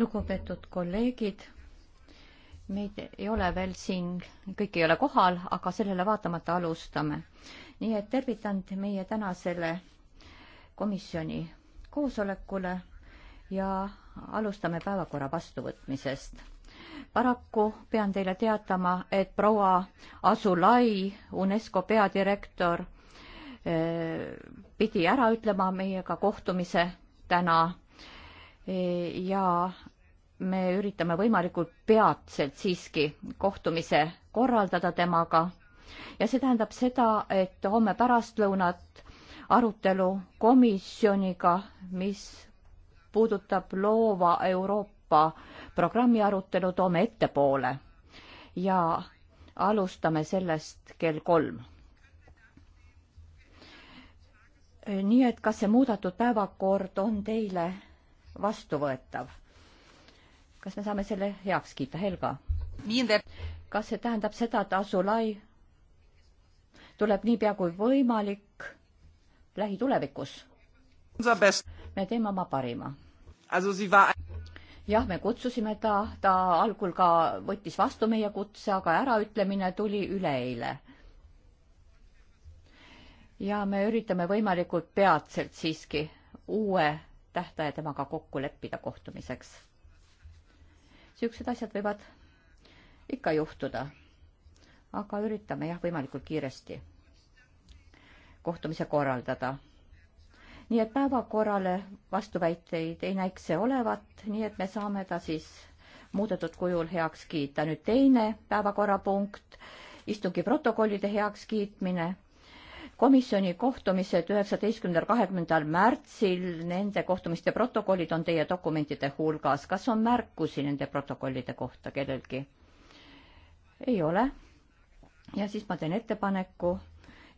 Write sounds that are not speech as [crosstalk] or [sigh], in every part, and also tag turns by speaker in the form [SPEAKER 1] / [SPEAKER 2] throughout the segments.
[SPEAKER 1] lugupeetud kolleegid, meid ei ole veel siin, kõik ei ole kohal, aga sellele vaatamata alustame. nii et tervitan meie tänasele komisjoni koosolekule ja alustame päevakorra vastuvõtmisest. paraku pean teile teatama, et proua Asulai, UNESCO peadirektor, eh, pidi ära ütlema meiega kohtumise täna ja me üritame võimalikult peatselt siiski kohtumise korraldada temaga ja see tähendab seda, et homme pärastlõunat arutelu komisjoniga, mis puudutab loova Euroopa programmi arutelu, toome ettepoole ja alustame sellest kell kolm. nii et kas see muudatud päevakord on teile vastuvõetav. kas me saame selle heaks kiita, Helga? kas see tähendab seda, et Asulai tuleb niipea kui võimalik lähitulevikus? me teeme oma parima. jah, me kutsusime ta, ta algul ka võttis vastu meie kutse, aga äraütlemine tuli üleeile ja me üritame võimalikult peatselt siiski uue tähtaja temaga kokku leppida kohtumiseks. niisugused asjad võivad ikka juhtuda, aga üritame jah, võimalikult kiiresti kohtumise korraldada. nii et päevakorrale vastuväiteid ei näiks see olevat, nii et me saame ta siis muudetud kujul heaks kiita. nüüd teine päevakorrapunkt, istungi protokollide heakskiitmine komisjoni kohtumised üheksateistkümnendal, kahekümnendal märtsil, nende kohtumiste protokollid on teie dokumentide hulgas. kas on märkusi nende protokollide kohta kellelgi? ei ole. ja siis ma teen ettepaneku,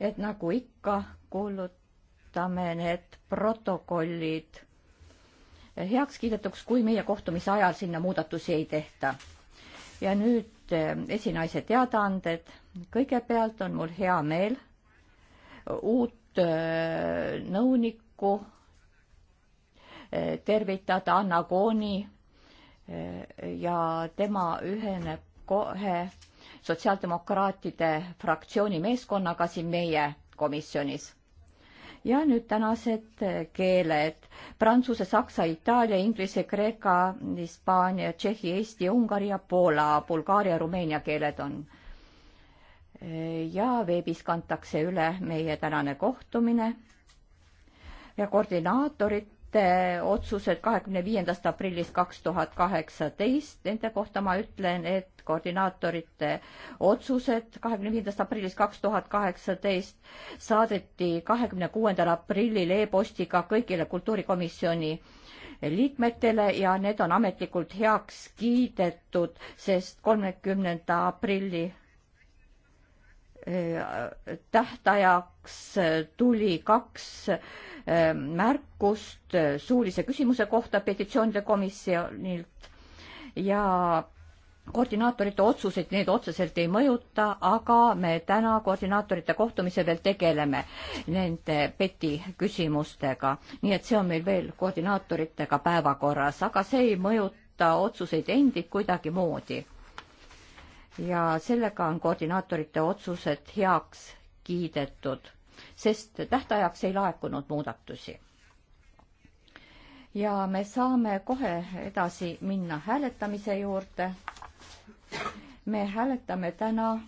[SPEAKER 1] et nagu ikka, kuulutame need protokollid heaks kiidetuks, kui meie kohtumise ajal sinna muudatusi ei tehta. ja nüüd eh, esinaise teadaanded. kõigepealt on mul hea meel uut äh, nõunikku äh, tervitada, Anna Kooni äh, ja tema üheneb kohe sotsiaaldemokraatide fraktsiooni meeskonnaga siin meie komisjonis. ja nüüd tänased keeled. Prantsuse, Saksa, Itaalia, Inglise, Kreeka, Hispaania, Tšehhi, Eesti, Ungari ja Poola, Bulgaaria, Rumeenia keeled on ja veebis kantakse üle meie tänane kohtumine ja koordinaatorite otsused kahekümne viiendast aprillist kaks tuhat kaheksateist, nende kohta ma ütlen, et koordinaatorite otsused kahekümne viiendast aprillist kaks tuhat kaheksateist saadeti kahekümne kuuendal aprillil e-postiga kõigile kultuurikomisjoni liikmetele ja need on ametlikult heaks kiidetud, sest kolmekümnenda aprilli tähtajaks tuli kaks äh, märkust suulise küsimuse kohta petitsioonide komisjonilt ja koordinaatorite otsuseid need otseselt ei mõjuta, aga me täna koordinaatorite kohtumisel veel tegeleme nende peti küsimustega. nii et see on meil veel koordinaatoritega päevakorras, aga see ei mõjuta otsuseid endid kuidagimoodi ja sellega on koordinaatorite otsused heaks kiidetud, sest tähtajaks ei laekunud muudatusi. ja me saame kohe edasi minna hääletamise juurde. me hääletame täna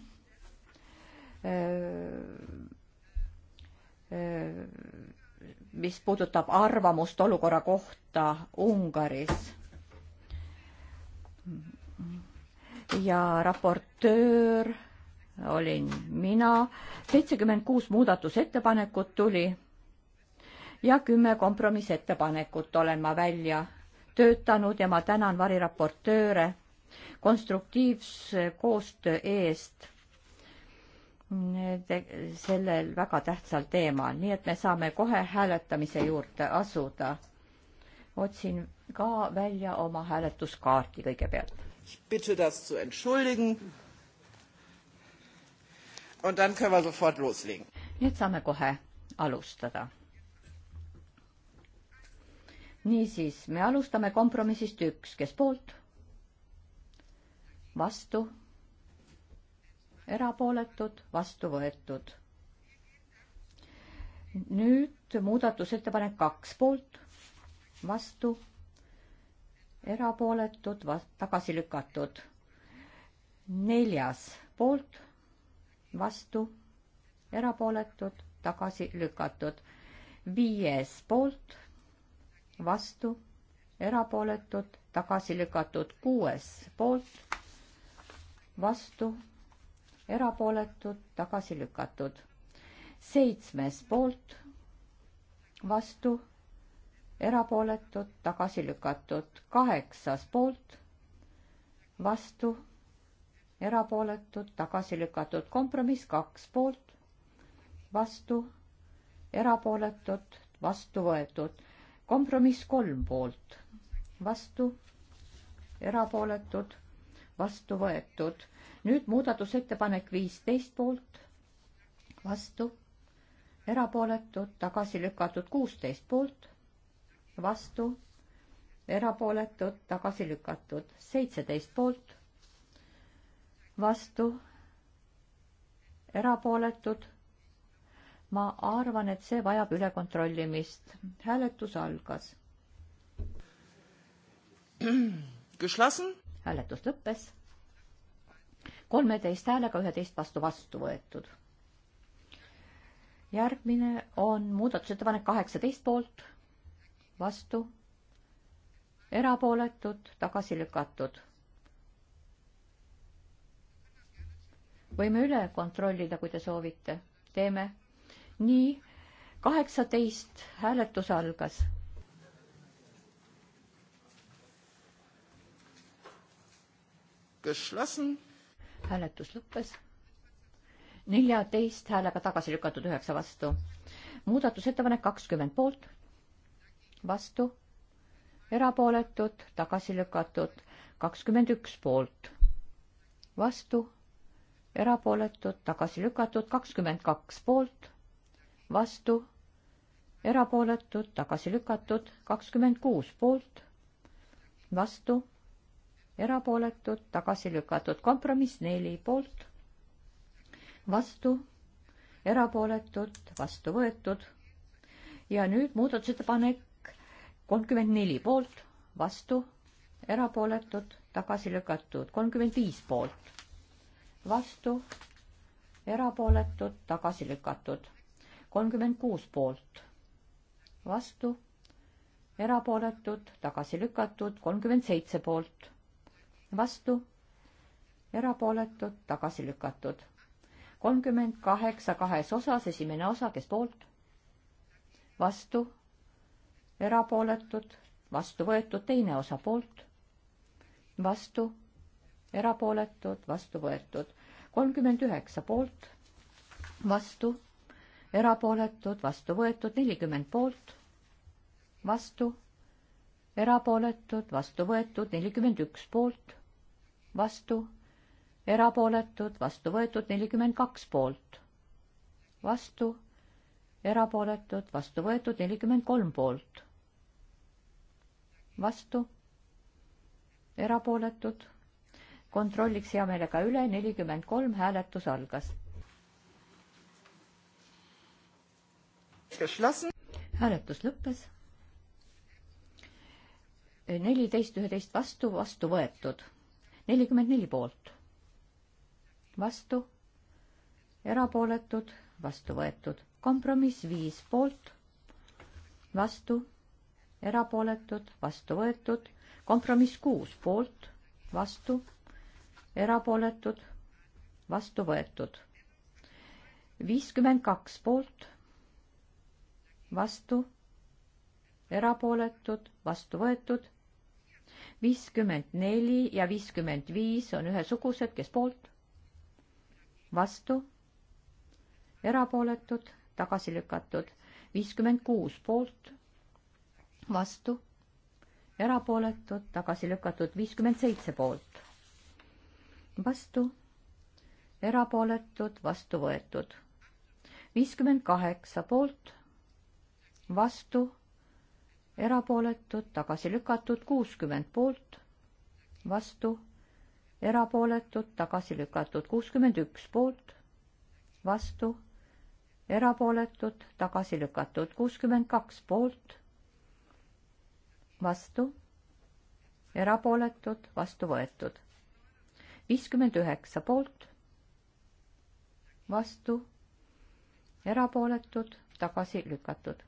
[SPEAKER 1] mis puudutab arvamust olukorra kohta Ungaris ja raportöör olin mina. seitsekümmend kuus muudatusettepanekut tuli ja kümme kompromissettepanekut olen ma välja töötanud ja ma tänan variraportööre konstruktiivse koostöö eest sellel väga tähtsal teemal, nii et me saame kohe hääletamise juurde asuda. otsin ka välja oma hääletuskaarti kõigepealt
[SPEAKER 2] Ich bitte das zu entschuldigen. Und dann können wir sofort loslegen.
[SPEAKER 1] Nüüd saame kohe alustada. niisiis, me alustame kompromissist üks, kes poolt? vastu? erapooletud, vastu võetud. nüüd muudatusettepanek kaks poolt, vastu erapooletud, tagasi lükatud. neljas poolt, vastu, erapooletud, tagasi lükatud. viies poolt, vastu, erapooletud, tagasi lükatud. kuues poolt, vastu, erapooletud, tagasi lükatud. seitsmes poolt, vastu erapooletud, tagasi lükatud. kaheksas poolt, vastu, erapooletud, tagasi lükatud. kompromiss kaks poolt, vastu, erapooletud, vastu võetud. kompromiss kolm poolt, vastu, erapooletud, vastu võetud. nüüd muudatusettepanek viisteist poolt, vastu, erapooletud, tagasi lükatud kuusteist poolt vastu, erapooletud, tagasi lükatud, seitseteist poolt, vastu, erapooletud. ma arvan, et see vajab ülekontrollimist. hääletus algas. hääletus lõppes. kolmeteist häälega üheteist vastu vastu võetud järgmine on muudatusettepanek kaheksateist poolt vastu, erapooletud, tagasi lükatud. võime üle kontrollida, kui te soovite, teeme nii. kaheksateist hääletus algas. hääletus lõppes neljateist häälega tagasi lükatud üheksa vastu. muudatusettepanek kakskümmend poolt, vastu, erapooletud, tagasi lükatud, kakskümmend üks poolt, vastu, erapooletud, tagasi lükatud, kakskümmend kaks poolt, vastu, erapooletud, tagasi lükatud, kakskümmend kuus poolt, vastu, erapooletud, tagasi lükatud, kompromiss neli poolt, vastu, erapooletud, vastu võetud ja nüüd muudatusettepanek kolmkümmend neli poolt, vastu, erapooletud, tagasi lükatud, kolmkümmend viis poolt, vastu, erapooletud, tagasi lükatud, kolmkümmend kuus poolt, vastu, erapooletud, tagasi lükatud, kolmkümmend seitse poolt, vastu, erapooletud, tagasi lükatud, kolmkümmend kaheksa kahes osas, esimene osa, kes poolt, vastu erapooletud, vastu võetud, teine osa poolt, vastu, erapooletud, vastu võetud, kolmkümmend üheksa poolt, vastu, erapooletud, vastu võetud, nelikümmend poolt, vastu, erapooletud, vastu võetud, nelikümmend üks poolt, vastu, erapooletud, vastu võetud, nelikümmend kaks poolt, vastu, erapooletud, vastu võetud, nelikümmend kolm poolt vastu, erapooletud. kontrolliks hea meelega üle, nelikümmend kolm, hääletus algas. hääletus lõppes. neliteist, üheteist vastu, vastu võetud. nelikümmend neli poolt, vastu, erapooletud, vastu võetud. kompromiss viis poolt, vastu erapooletud, vastu võetud, kompromiss kuus poolt, vastu, erapooletud, vastu võetud. viiskümmend kaks poolt, vastu, erapooletud, vastu võetud, viiskümmend neli ja viiskümmend viis on ühesugused, kes poolt, vastu, erapooletud, tagasi lükatud, viiskümmend kuus poolt vastu, erapooletud, tagasi lükatud viiskümmend seitse poolt, vastu, erapooletud, vastu võetud viiskümmend kaheksa poolt, vastu, erapooletud, tagasi lükatud kuuskümmend poolt, vastu, erapooletud, tagasi lükatud kuuskümmend üks poolt, vastu erapooletud, tagasi lükatud kuuskümmend kaks poolt, vastu, erapooletud, vastu võetud. viiskümmend üheksa poolt, vastu, erapooletud, tagasi lükatud.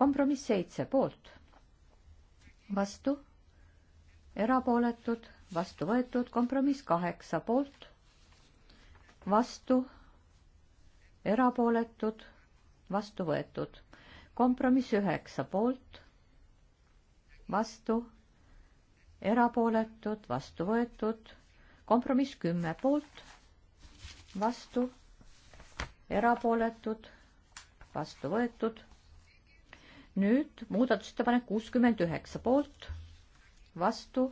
[SPEAKER 1] kompromiss seitse poolt, vastu, erapooletud, vastu võetud, kompromiss kaheksa poolt, vastu, erapooletud, vastu võetud. kompromiss üheksa poolt vastu, erapooletud, vastu võetud, kompromiss kümme poolt, vastu, erapooletud, vastu võetud. nüüd muudatusettepanek kuuskümmend üheksa poolt, vastu,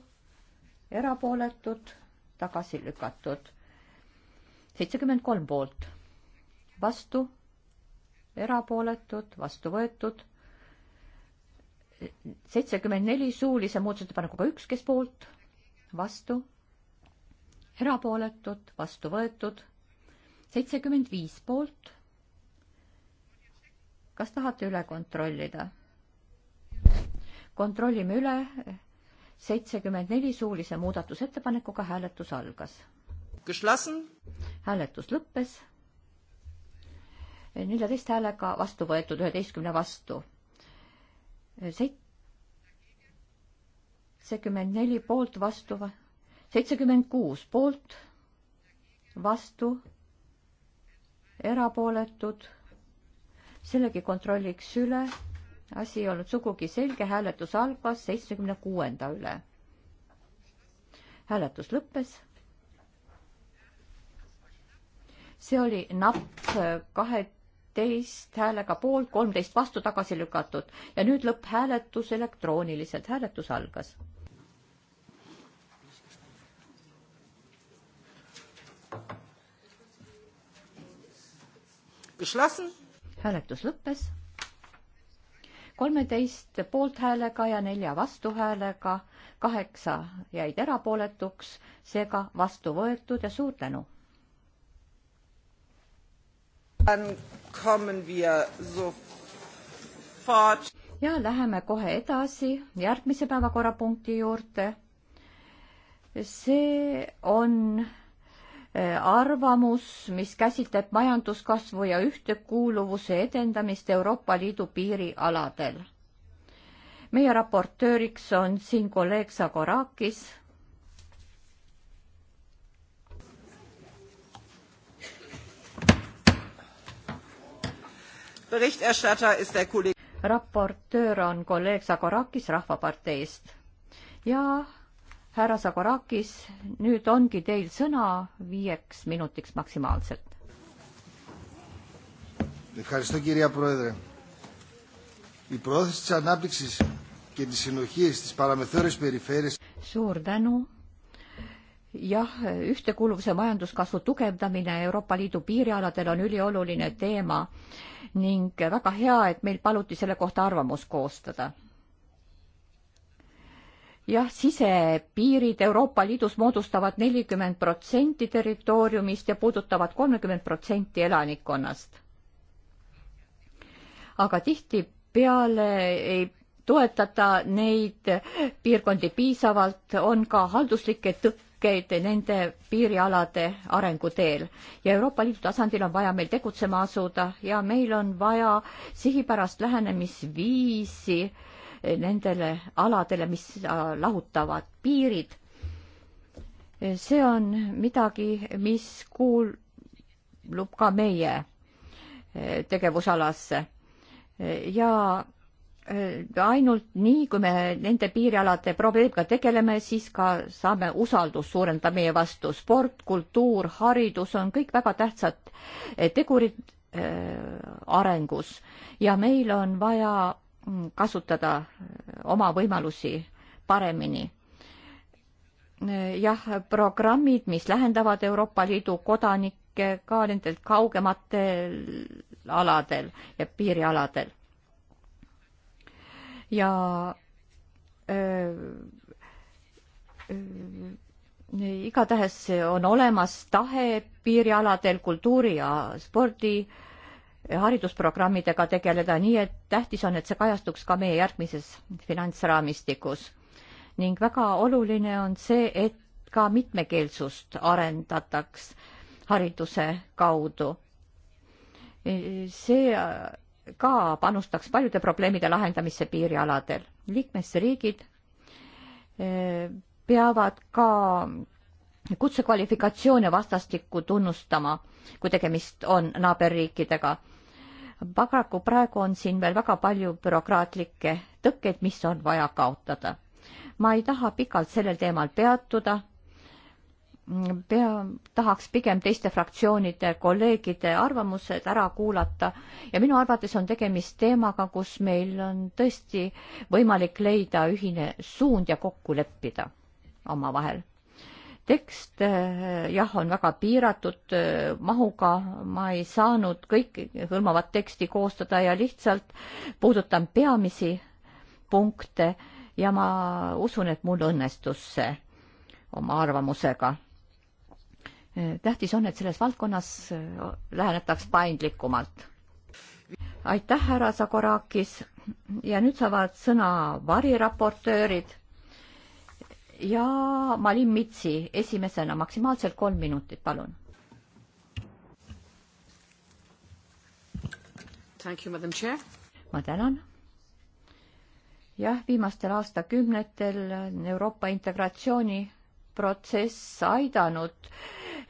[SPEAKER 1] erapooletud, tagasi lükatud. seitsekümmend kolm poolt, vastu, erapooletud, vastu võetud seitsekümmend neli suulise muudatusettepanekuga üks, kes poolt, vastu, erapooletud, vastu võetud, seitsekümmend viis poolt. kas tahate üle kontrollida? kontrollime üle, seitsekümmend neli suulise muudatusettepanekuga hääletus algas. hääletus lõppes neljateist häälega vastu võetud üheteistkümne vastu seitsekümmend neli poolt vastu, seitsekümmend kuus poolt vastu, erapooletud. sellegi kontrolliks üle. asi ei olnud sugugi selge, hääletus algas seitsmekümne kuuenda üle. hääletus lõppes. see oli napp kahe kaksteist häälega poolt, kolmteist vastu tagasi lükatud ja nüüd lõpphääletus elektrooniliselt, hääletus algas. hääletus lõppes kolmeteist poolthäälega ja nelja vastuhäälega, kaheksa jäid erapooletuks, seega vastu võetud ja suur tänu
[SPEAKER 2] kommen wir sofort.
[SPEAKER 1] ja läheme kohe edasi järgmise päevakorrapunkti juurde. see on eh, arvamus, mis käsitleb majanduskasvu ja ühtekuuluvuse edendamist Euroopa Liidu piirialadel. meie raportööriks on siin kolleeg Sagorakis raportöör on kolleeg Sagorakis Rahvaparteist ja härra Sagorakis, nüüd ongi teil sõna viieks minutiks maksimaalselt.
[SPEAKER 3] Ευχαριστώ κυρία Πρόεδρε. Η πρόθεση της ανάπτυξης και της συνοχής στις παραμεθόρες περιφέρειες
[SPEAKER 1] Suur tänu, jah, ühtekuuluvuse majanduskasvu tugevdamine Euroopa Liidu piirialadel on ülioluline teema ning väga hea, et meil paluti selle kohta arvamus koostada. jah, sisepiirid Euroopa Liidus moodustavad nelikümmend protsenti territooriumist ja puudutavad kolmekümmend protsenti elanikkonnast. aga tihtipeale ei toetada neid piirkondi piisavalt, on ka halduslikke tõkke, tõkkeid nende piirialade arengu teel ja Euroopa Liidu tasandil on vaja meil tegutsema asuda ja meil on vaja sihipärast lähenemisviisi nendele aladele, mis äh, lahutavad piirid. see on midagi, mis kuulub ka meie äh, tegevusalasse ja Äh, ainult nii, kui me nende piirialade probleemiga tegeleme, siis ka saame usaldust suurendada meie vastu. sport, kultuur, haridus on kõik väga tähtsad äh, tegurid äh, arengus ja meil on vaja mm, kasutada äh, oma võimalusi paremini. jah, programmid, mis lähendavad Euroopa Liidu kodanikke ka nendel kaugematel aladel ja piirialadel ja öö, öö, igatahes on olemas tahe piirialadel kultuuri ja spordi haridusprogrammidega tegeleda, nii et tähtis on, et see kajastuks ka meie järgmises finantsraamistikus. ning väga oluline on see, et ka mitmekeelsust arendataks hariduse kaudu. see ka panustaks paljude probleemide lahendamisse piirialadel. liikmesriigid eh, peavad ka kutsekvalifikatsioone vastastikku tunnustama, kui tegemist on naaberriikidega. paraku praegu on siin veel väga palju bürokraatlikke tõkkeid, mis on vaja kaotada. ma ei taha pikalt sellel teemal peatuda pea, tahaks pigem teiste fraktsioonide kolleegide arvamused ära kuulata ja minu arvates on tegemist teemaga, kus meil on tõesti võimalik leida ühine suund ja kokku leppida omavahel. tekst eh, jah, on väga piiratud eh, mahuga, ma ei saanud kõike hõlmavat teksti koostada ja lihtsalt puudutan peamisi punkte ja ma usun, et mul õnnestus see oma arvamusega Eh, tähtis on, et selles valdkonnas eh, lähenetaks paindlikumalt. aitäh, härra Zagorakis ja nüüd saavad sõna variraportöörid ja Malin Mitsi esimesena, maksimaalselt kolm minutit, palun. ma tänan. jah, viimastel aastakümnetel on Euroopa integratsiooniprotsess aidanud äh,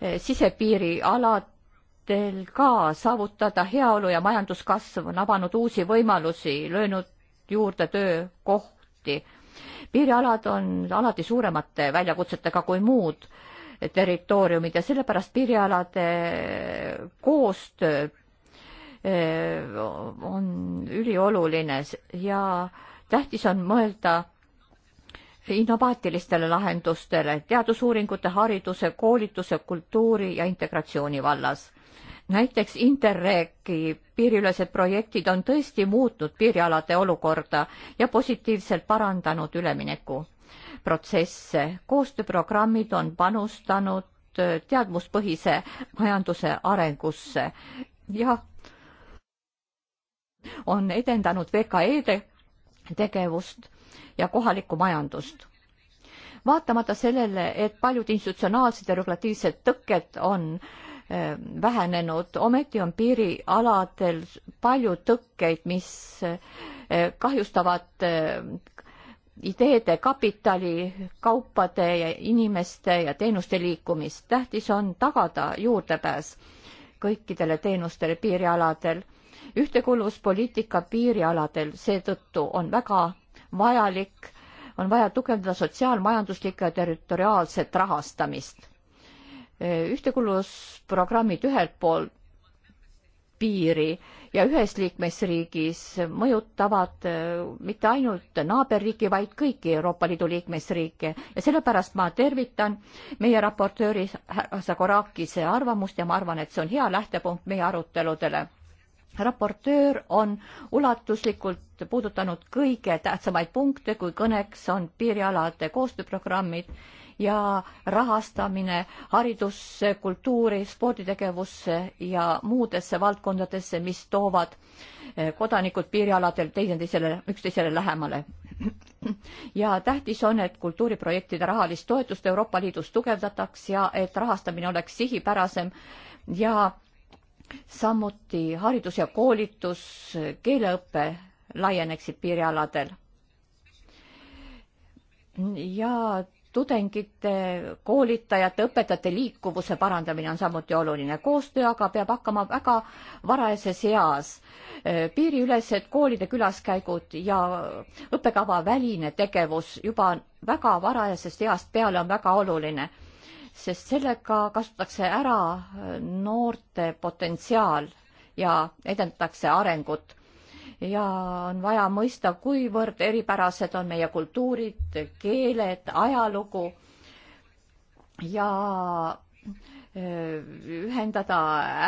[SPEAKER 1] Eh, sisepiirialadel ka saavutada heaolu ja majanduskasv on avanud uusi võimalusi, löönud juurde töökohti. piirialad on alati suuremate väljakutsetega kui muud eh, territooriumid ja sellepärast piirialade eh, koostöö on ülioluline ja tähtis on mõelda innovaatilistele lahendustele teadusuuringute, hariduse, koolituse, kultuuri ja integratsiooni vallas. näiteks Interregi piiriülesed projektid on tõesti muutnud piirialade olukorda ja positiivselt parandanud üleminekuprotsesse. koostööprogrammid on panustanud teadmuspõhise majanduse arengusse ja on edendanud VKE-de tegevust ja kohalikku majandust. vaatamata sellele, et paljud institutsionaalsed ja regulatiivsed tõkked on eh, vähenenud, ometi on piirialadel palju tõkkeid, mis eh, kahjustavad eh, ideede, kapitali, kaupade ja inimeste ja teenuste liikumist. tähtis on tagada juurdepääs kõikidele teenustele piirialadel. ühtekuuluvuspoliitika piirialadel seetõttu on väga vajalik, on vaja tugevdada sotsiaalmajanduslikku ja territoriaalset rahastamist. ühtekuuluvusprogrammid ühelt poolt piiri ja ühes liikmesriigis mõjutavad äh, mitte ainult naaberriiki, vaid kõiki Euroopa Liidu liikmesriike ja sellepärast ma tervitan meie raportööri härra Zagorakise arvamust ja ma arvan, et see on hea lähtepunkt meie aruteludele raportöör on ulatuslikult puudutanud kõige tähtsamaid punkte, kui kõneks on piirialade koostööprogrammid ja rahastamine haridusse, kultuuri, sporditegevusse ja muudesse valdkondadesse, mis toovad eh, kodanikud piirialadel teineteisele, üksteisele lähemale. [clears throat] ja tähtis on, et kultuuriprojektide rahalist toetust Euroopa Liidus tugevdataks ja et rahastamine oleks sihipärasem ja samuti haridus ja koolitus, keeleõpe laieneksid piirialadel. ja tudengite, koolitajate, õpetajate liikuvuse parandamine on samuti oluline. koostöö aga peab hakkama väga varajases eas. piiriülesed koolide külaskäigud ja õppekava väline tegevus juba väga varajasest east peale on väga oluline sest sellega kasutatakse ära noorte potentsiaal ja edendatakse arengut. ja on vaja mõista, kuivõrd eripärased on meie kultuurid, keeled, ajalugu ja ühendada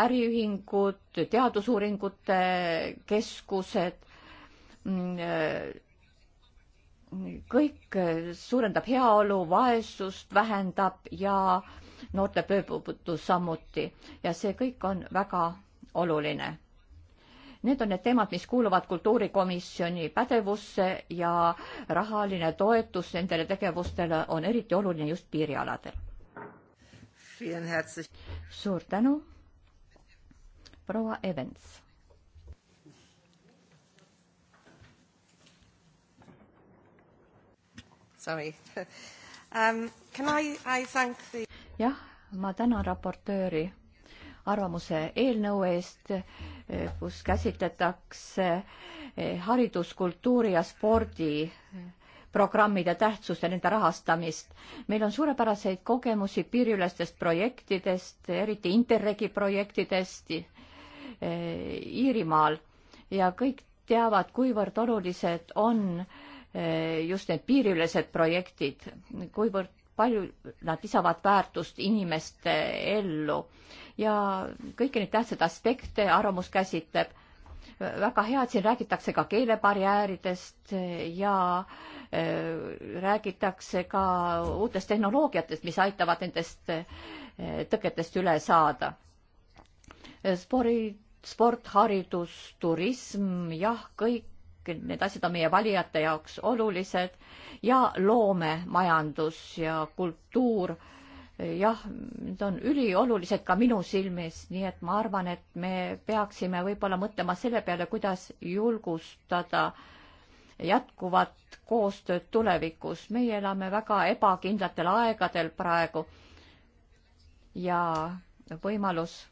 [SPEAKER 1] äriühingud, teadusuuringute keskused mm, kõik äh, suurendab heaolu, vaesust vähendab ja noorte pöördumatus samuti ja see kõik on väga oluline. Need on need teemad, mis kuuluvad kultuurikomisjoni pädevusse ja rahaline toetus nendele tegevustele on eriti oluline just piirialadel. suur tänu, proua Evans sorry [laughs] um,. Can I, I thank the jah, ma tänan raportööri arvamuse eelnõu eest, eh, kus käsitletakse eh, haridus, kultuuri ja spordi eh, programmide tähtsust ja nende rahastamist. meil on suurepäraseid kogemusi piiriülestest projektidest, eriti Interregi projektidest Iirimaal ja kõik teavad, kuivõrd olulised on Eh, just need piiriülesed projektid, kuivõrd palju nad lisavad väärtust inimeste ellu ja kõiki neid tähtsaid aspekte arvamus käsitleb. väga hea, et siin räägitakse ka keelebarjääridest ja eh, räägitakse ka uutest tehnoloogiatest, mis aitavad nendest eh, tõketest üle saada. spordi sport, haridus, turism, jah, kõik need asjad on meie valijate jaoks olulised ja loomemajandus ja kultuur, jah, need on üliolulised ka minu silmis, nii et ma arvan, et me peaksime võib-olla mõtlema selle peale, kuidas julgustada jätkuvat koostööd tulevikus. meie elame väga ebakindlatel aegadel praegu ja võimalus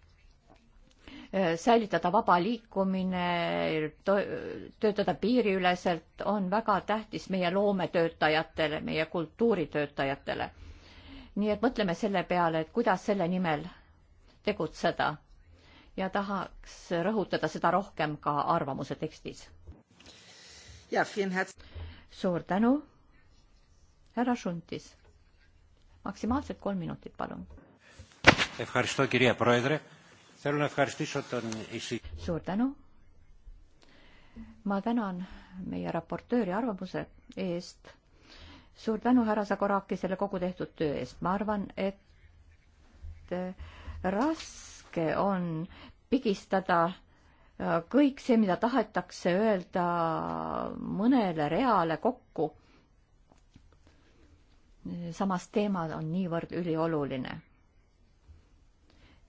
[SPEAKER 1] Äh, säilitada vaba liikumine, töötada piiriüleselt, on väga tähtis meie loometöötajatele, meie kultuuritöötajatele. nii et mõtleme selle peale, et kuidas selle nimel tegutseda ja tahaks rõhutada seda rohkem ka arvamuse tekstis. suur tänu, härra Šuntis. maksimaalselt kolm minutit, palun.
[SPEAKER 2] Ευχαριστώ κυρία Πρόεδρε
[SPEAKER 1] suur tänu. ma tänan meie raportööri arvamuse eest. suur tänu, härra Sagoraki, selle kogu tehtud töö eest. ma arvan, et raske on pigistada kõik see, mida tahetakse öelda mõnele reale kokku. samas teema on niivõrd ülioluline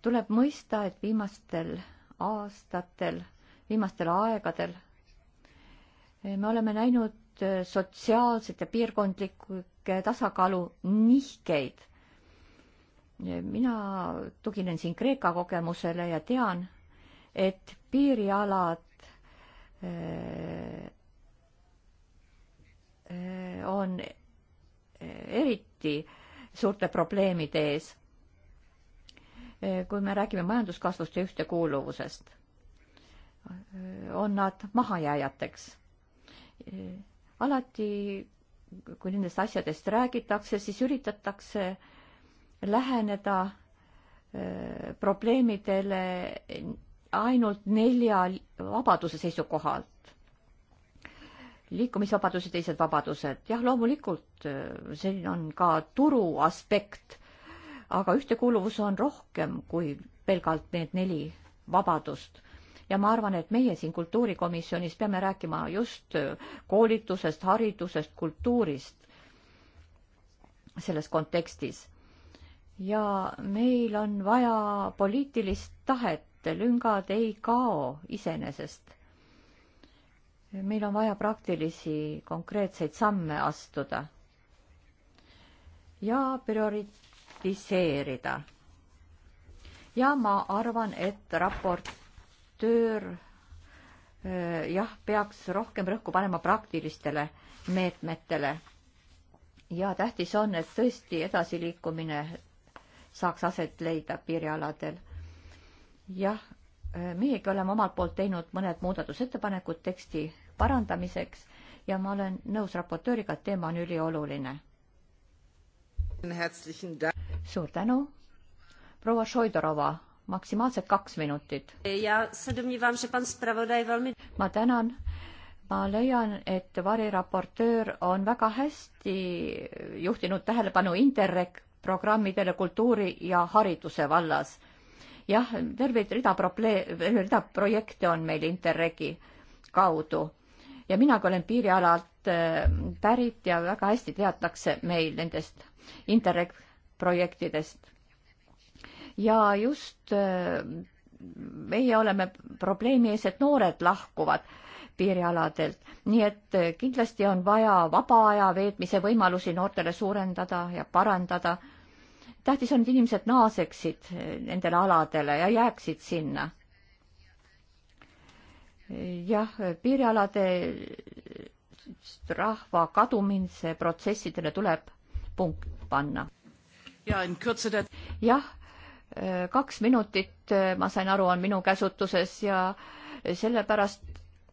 [SPEAKER 1] tuleb mõista, et viimastel aastatel, viimastel aegadel me oleme näinud äh, sotsiaalset ja piirkondlikke tasakaalu nihkeid. mina tuginen siin Kreeka kogemusele ja tean, et piirialad äh, äh, on eriti suurte probleemide ees Eh, kui me räägime majanduskasvust ja ühtekuuluvusest, on nad mahajääjateks. Eh, alati, kui nendest asjadest räägitakse, siis üritatakse läheneda eh, probleemidele ainult nelja vabaduse seisukohalt. liikumisvabadus ja teised vabadused, jah, loomulikult selline on ka turu aspekt aga ühtekuuluvus on rohkem kui pelgalt need neli vabadust. ja ma arvan, et meie siin kultuurikomisjonis peame rääkima just koolitusest, haridusest, kultuurist selles kontekstis. ja meil on vaja poliitilist tahet, lüngad ei kao iseenesest. meil on vaja praktilisi konkreetseid samme astuda ja prioriteet praktiseerida. ja ma arvan, et raportöör eh, jah, peaks rohkem rõhku panema praktilistele meetmetele. ja tähtis on, et tõesti edasiliikumine saaks aset leida piirialadel. jah, eh, meiegi oleme omalt poolt teinud mõned muudatusettepanekud teksti parandamiseks ja ma olen nõus raportööriga, et teema on ülioluline suur tänu, proua Šoidorova, maksimaalselt kaks minutit. ma tänan ma leian, et variraportöör on väga hästi juhtinud tähelepanu Interreg programmidele kultuuri ja hariduse vallas. jah, terveid rida probleem, rida projekte on meil Interregi kaudu ja minagi olen piirialalt äh, pärit ja väga hästi teatakse meil nendest Interreg projektidest. ja just äh, meie oleme probleemi ees, et noored lahkuvad piirialadelt, nii et äh, kindlasti on vaja vaba aja veetmise võimalusi noortele suurendada ja parandada. tähtis on, et inimesed naaseksid äh, nendele aladele ja jääksid sinna. jah, piirialade rahva kadumise protsessidele tuleb punkt panna. jah, äh, kaks minutit, äh, ma sain aru, on minu käsutuses ja äh, sellepärast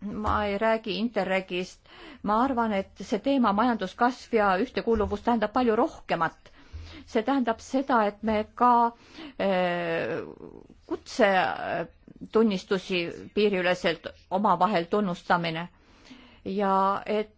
[SPEAKER 1] ma ei räägi Interregist. ma arvan, et see teema majanduskasv ja ühtekuuluvus tähendab palju rohkemat. see tähendab seda, et me ka kutsetunnistusi piiriüleselt omavahel tunnustamine ja et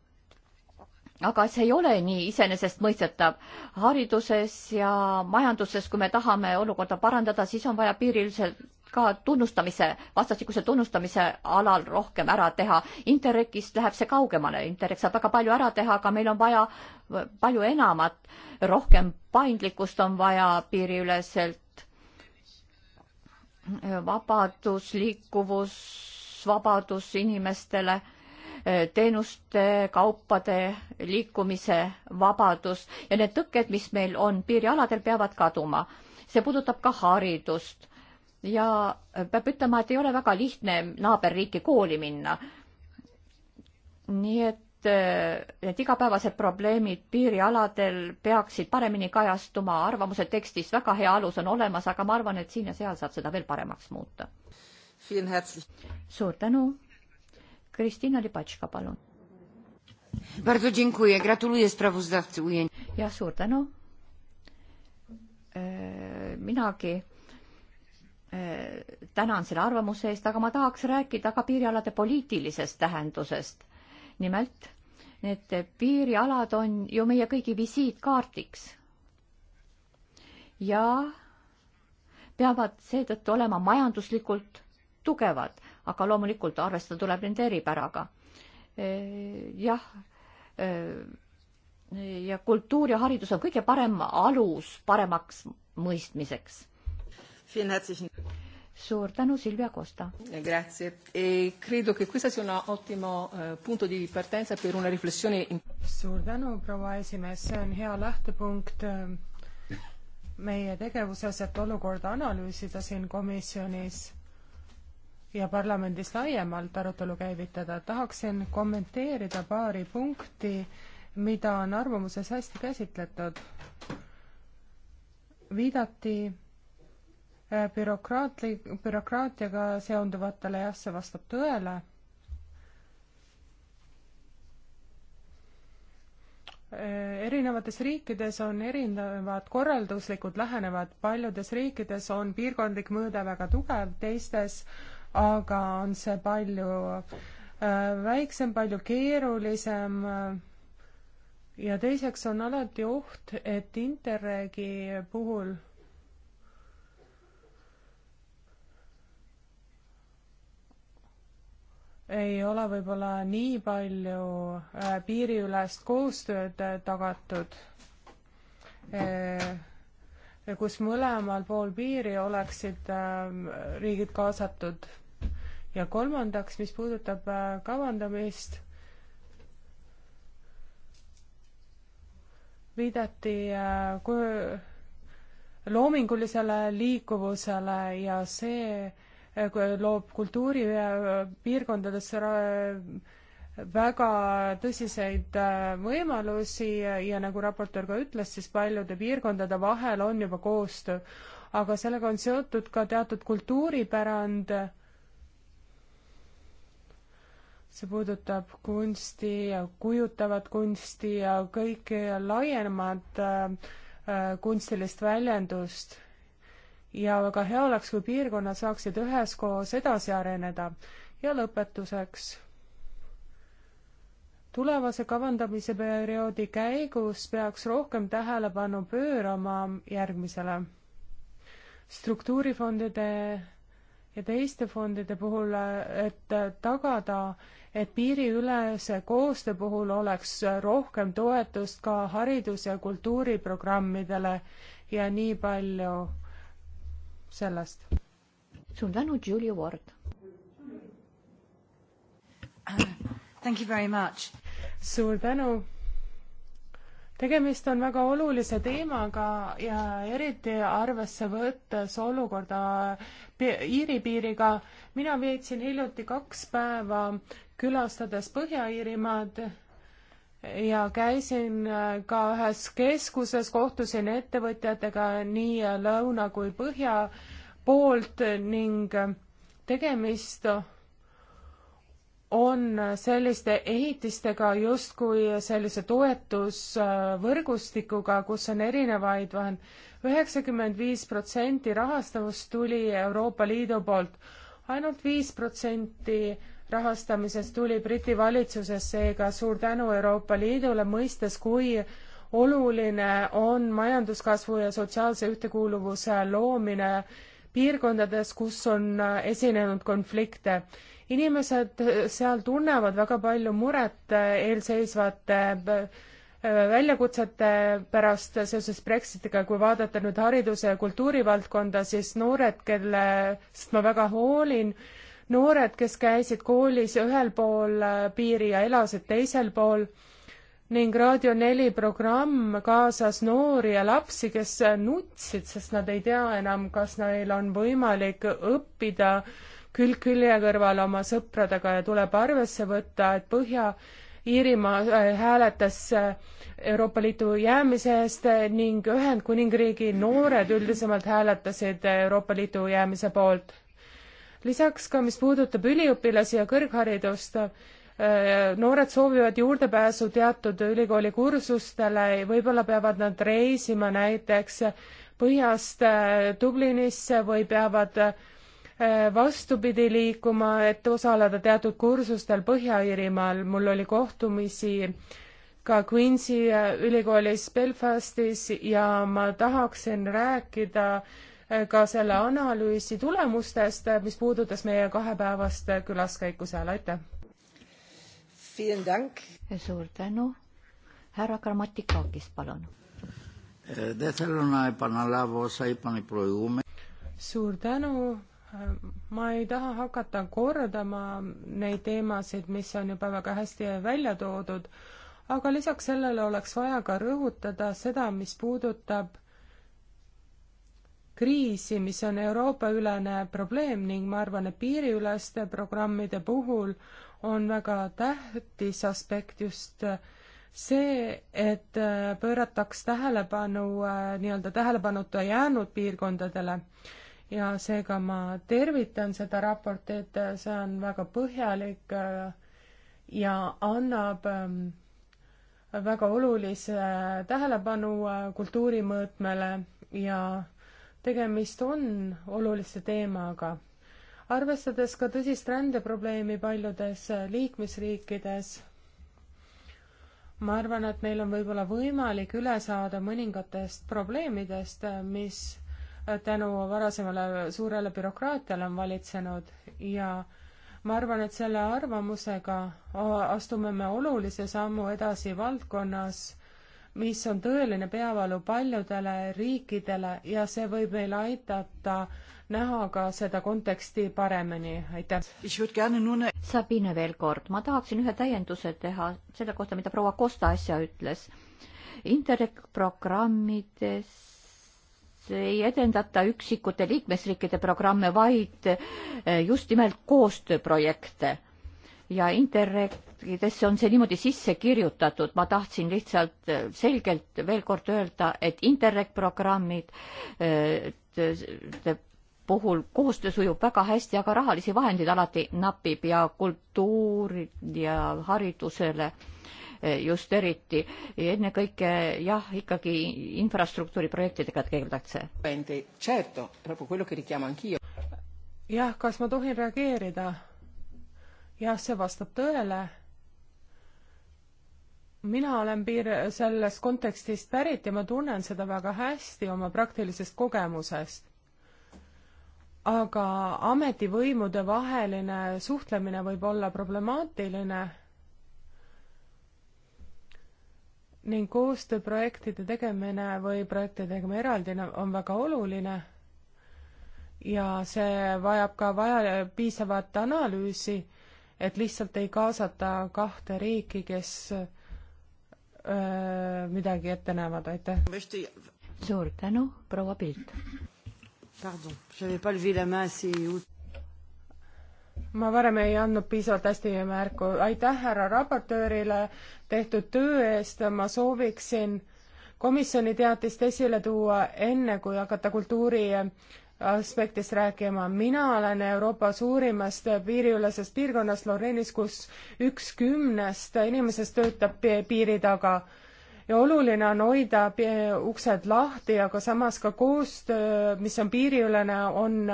[SPEAKER 1] aga see ei ole nii iseenesestmõistetav. hariduses ja majanduses, kui me tahame olukorda parandada, siis on vaja piiriliselt ka tunnustamise, vastastikuse tunnustamise alal rohkem ära teha. Interregist läheb see kaugemale, Interreg saab väga palju ära teha, aga meil on vaja palju enamat, rohkem paindlikkust on vaja piiriüleselt. vabadus, liikuvus, vabadus inimestele Eh, teenuste, kaupade liikumise vabadus ja need tõkked, mis meil on piirialadel, peavad kaduma. see puudutab ka haridust ja peab ütlema, et ei ole väga lihtne naaberriiki kooli minna. nii et need eh, igapäevased probleemid piirialadel peaksid paremini kajastuma arvamuse tekstis, väga hea alus on olemas, aga ma arvan, et siin ja seal saab seda veel paremaks muuta. suur tänu Kristina Libatška, palun. jah, suur tänu. minagi tänan selle arvamuse eest, aga ma tahaks rääkida ka piirialade poliitilisest tähendusest. nimelt, need piirialad on ju meie kõigi visiitkaardiks. ja peavad seetõttu olema majanduslikult tugevad aga loomulikult arvestada tuleb nende eripäraga. E, jah, e, ja kultuur ja haridus on kõige parem alus paremaks mõistmiseks. Suur tänu Silvia Costa. Eh, grazie e credo che questo sia un ottimo eh, punto di partenza per una riflessione. In...
[SPEAKER 2] Suur tänu, proua esimees, see on hea lähtepunkt eh, meie tegevuses, et olukorda analüüsida siin komisjonis ja parlamendis laiemalt arutelu käivitada, tahaksin kommenteerida paari punkti, mida on arvamuses hästi käsitletud. viidati äh, bürokraatli-, bürokraatiaga seonduvatele, jah, see vastab tõele. Äh, erinevates riikides on erinevad korralduslikud lähenevad, paljudes riikides on piirkondlik mõõde väga tugev, teistes äh, aga on see palju äh, väiksem, palju keerulisem. Äh, ja teiseks on alati oht, et Interregi puhul ei ole võib-olla nii palju äh, piiriülest koostööd tagatud, kus mõlemal pool piiri oleksid riigid kaasatud ja kolmandaks, mis puudutab äh, kavandamist, viidati äh, loomingulisele liikuvusele ja see äh, loob kultuuripiirkondadesse väga tõsiseid võimalusi ja nagu raportöör ka ütles, siis paljude piirkondade vahel on juba koostöö. aga sellega on seotud ka teatud kultuuripärand see puudutab kunsti ja kujutavat kunsti ja kõike laiemat äh, äh, kunstilist väljendust. ja väga hea oleks, kui piirkonnad saaksid üheskoos edasi areneda. ja lõpetuseks. tulevase kavandamise perioodi käigus peaks rohkem tähelepanu pöörama järgmisele struktuurifondide ja teiste fondide puhul, et tagada, et piiriülese koostöö puhul oleks rohkem toetust ka haridus- ja kultuuriprogrammidele ja nii palju sellest. suur tänu, Julia Ward uh,. Thank you very much. suur tänu tegemist on väga olulise teemaga ja eriti arvesse võttes olukorda Iiri piiriga. mina veetsin hiljuti kaks päeva külastades Põhja-Iirimaad ja käisin äh, ka ühes keskuses, kohtusin ettevõtjatega nii lõuna kui põhja poolt ning tegemist on selliste ehitistega justkui sellise toetusvõrgustikuga, kus on erinevaid vahend. üheksakümmend viis protsenti rahastavust tuli Euroopa Liidu poolt ainult, ainult viis protsenti rahastamisest tuli Briti valitsusest, seega suur tänu Euroopa Liidule, mõistes, kui oluline on majanduskasvu ja sotsiaalse ühtekuuluvuse loomine piirkondades, kus on äh, esinenud konflikte. inimesed äh, seal tunnevad väga palju muret äh, eelseisvate väljakutsete pärast seoses Brexitiga, kui vaadata nüüd hariduse ja kultuurivaldkonda, siis noored, kellest ma väga hoolin, noored, kes käisid koolis ühel pool piiri ja elasid teisel pool, ning Raadio neli programm kaasas noori ja lapsi, kes nutsid, sest nad ei tea enam, kas neil on võimalik õppida külg külje kõrval oma sõpradega ja tuleb arvesse võtta, et Põhja-Iirimaa äh, hääletas äh, Euroopa Liitu jäämise eest ning Ühendkuningriigi noored üldisemalt hääletasid Euroopa Liitu jäämise poolt. lisaks ka, mis puudutab üliõpilasi ja kõrgharidust, Äh, noored soovivad juurdepääsu teatud ülikooli kursustele, võib-olla peavad nad reisima näiteks põhjast äh, Dublinisse või peavad äh, vastupidi liikuma, et osaleda teatud kursustel Põhja-Iirimaal. mul oli kohtumisi ka Queensi ülikoolis Belfastis ja ma tahaksin rääkida ka selle analüüsi tulemustest, mis puudutas meie kahepäevast külaskäiku seal, aitäh! suur tänu.
[SPEAKER 1] härra Grammatikakis, palun.
[SPEAKER 2] Eh, suur tänu. ma ei taha hakata kordama neid teemasid, mis on juba väga hästi välja toodud, aga lisaks sellele oleks vaja ka rõhutada seda, mis puudutab kriisi, mis on Euroopa-ülene probleem ning ma arvan, et piiriüleste programmide puhul on väga tähtis aspekt just äh, see, et äh, pöörataks tähelepanu äh, nii-öelda tähelepanuta jäänud piirkondadele. ja seega ma tervitan seda raportit, see on väga põhjalik ja annab ähm, väga olulise tähelepanu kultuurimõõtmele ja tegemist on olulise teemaga arvestades ka tõsist rändeprobleemi paljudes äh, liikmesriikides, ma arvan, et meil on võib-olla võimalik üle saada mõningatest probleemidest, äh, mis äh, tänu varasemale suurele bürokraatiale on valitsenud ja ma arvan, et selle arvamusega astume me olulise sammu edasi valdkonnas, mis on tõeline peavalu paljudele riikidele ja see võib meil aidata näha ka seda konteksti paremini, aitäh.
[SPEAKER 1] Sabine veel kord, ma tahaksin ühe täienduse teha selle kohta, mida proua Kosta äsja ütles. Interreg programmides ei edendata üksikute liikmesriikide programme, vaid eh, just nimelt koostööprojekte ja Interregidesse on see niimoodi sisse kirjutatud, ma tahtsin lihtsalt äh, selgelt veel kord öelda, et Interreg programmid äh, puhul koostöö sujub väga hästi, aga rahalisi vahendeid alati napib ja kultuuri ja haridusele äh, just eriti, ennekõike jah, ikkagi infrastruktuuri projektidega tegeldakse.
[SPEAKER 2] jah, kas ma tohin reageerida? jah, see vastab tõele. mina olen piir-, sellest kontekstist pärit ja ma tunnen seda väga hästi oma praktilisest kogemusest. aga ametivõimude vaheline suhtlemine võib olla problemaatiline ning koostööprojektide tegemine või projektide tegemine eraldina on väga oluline ja see vajab ka vaja, piisavat analüüsi et lihtsalt ei kaasata kahte riiki, kes öö, midagi ette näevad, aitäh. suur tänu, proua Pilt. ma varem ei andnud piisavalt hästi märku, aitäh härra raportöörile tehtud töö eest, ma sooviksin komisjoni teatist esile tuua enne, kui hakata kultuuri äh, aspektist rääkima. mina olen Euroopa suurimast piiriülesest piirkonnast Loreenis, kus üks kümnest inimesest töötab piiri taga. ja oluline on hoida uksed lahti, aga samas ka koostöö, mis on piiriülene, on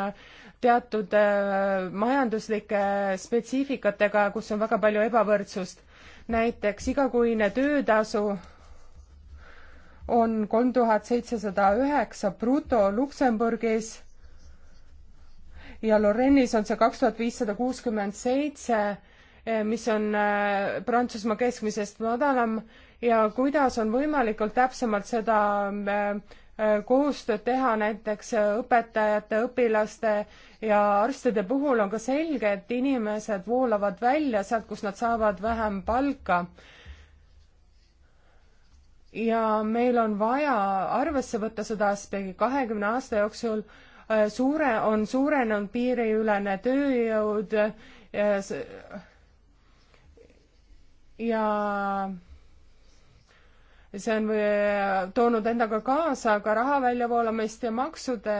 [SPEAKER 2] teatud äh, majanduslike spetsiifikatega, kus on väga palju ebavõrdsust. näiteks igakuine töötasu on kolm tuhat seitsesada üheksa bruto Luksemburgis ja Lorennis on see kaks tuhat viissada kuuskümmend seitse, eh, mis on eh, Prantsusmaa keskmisest madalam ja kuidas on võimalikult täpsemalt seda eh, koostööd teha näiteks õpetajate, õpilaste ja arstide puhul on ka selge, et inimesed voolavad välja sealt, kus nad saavad vähem palka ja meil on vaja arvesse võtta seda aspekti. kahekümne aasta jooksul Äh, suure, on suurenenud piiriülene tööjõud ja, äh, ja see on või, toonud endaga kaasa ka raha väljavoolamist ja maksude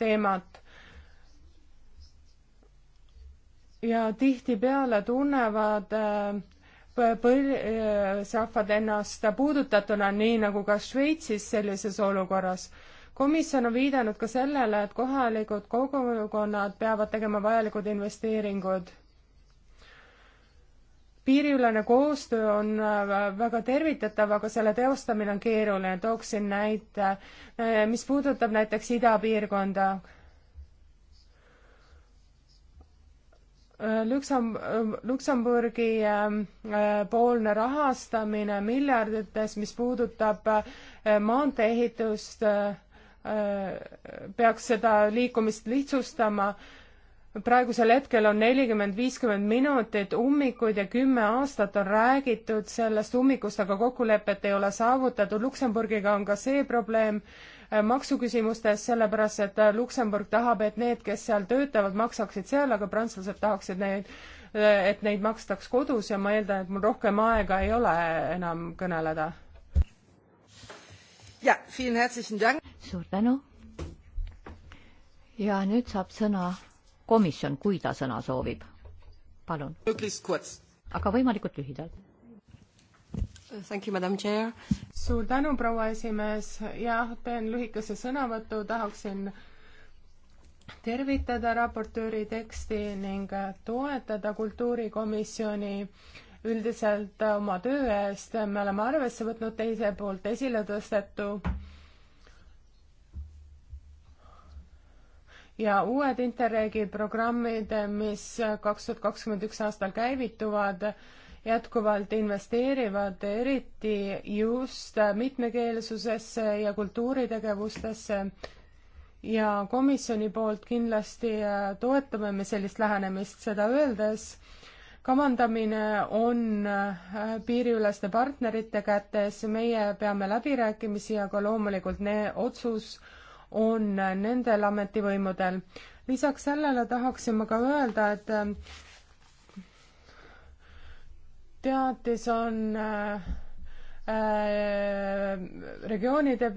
[SPEAKER 2] teemat. ja tihtipeale tunnevad äh, põlisrahvad ennast puudutatuna, nii nagu ka Šveitsis sellises olukorras komisjon on viidanud ka sellele, et kohalikud kogukonnad peavad tegema vajalikud investeeringud. piiriülene koostöö on äh, väga tervitatav, aga selle teostamine on keeruline, tooksin näite, äh, mis puudutab näiteks idapiirkonda. Äh, Lüksem-, Luksemburgi ähm, poolne rahastamine miljardites, mis puudutab maantee ehitust Äh, peaks seda liikumist lihtsustama. praegusel hetkel on nelikümmend, viiskümmend minutit ummikuid ja kümme aastat on räägitud sellest ummikust, aga kokkulepet ei ole saavutatud. Luksemburgiga on ka see probleem äh, maksuküsimustes, sellepärast et äh, Luksemburg tahab, et need, kes seal töötavad, maksaksid seal, aga prantslased tahaksid neid, et neid makstaks kodus ja ma eeldan, et mul rohkem aega ei ole enam kõneleda suur tänu.
[SPEAKER 1] ja nüüd saab sõna komisjon, kui ta sõna soovib. palun. aga võimalikult lühidalt.
[SPEAKER 2] Thank you, madam chair. suur tänu, proua esimees. jah, teen lühikese sõnavõtu, tahaksin tervitada raportööri teksti ning toetada kultuurikomisjoni äh, üldiselt oma töö eest, me oleme arvesse võtnud teise poolt esile tõstetu. ja uued Interregi programmid, mis kaks tuhat kakskümmend üks aastal käivituvad, jätkuvalt investeerivad eriti just mitmekeelsusesse ja kultuuritegevustesse ja komisjoni poolt kindlasti toetame me sellist lähenemist, seda öeldes kavandamine on äh, piiriüleste partnerite kätes, meie peame läbirääkimisi, aga loomulikult ne-, otsus on äh, nendel ametivõimudel. lisaks sellele tahaksin ma ka öelda, et äh, teatis on äh, regioonide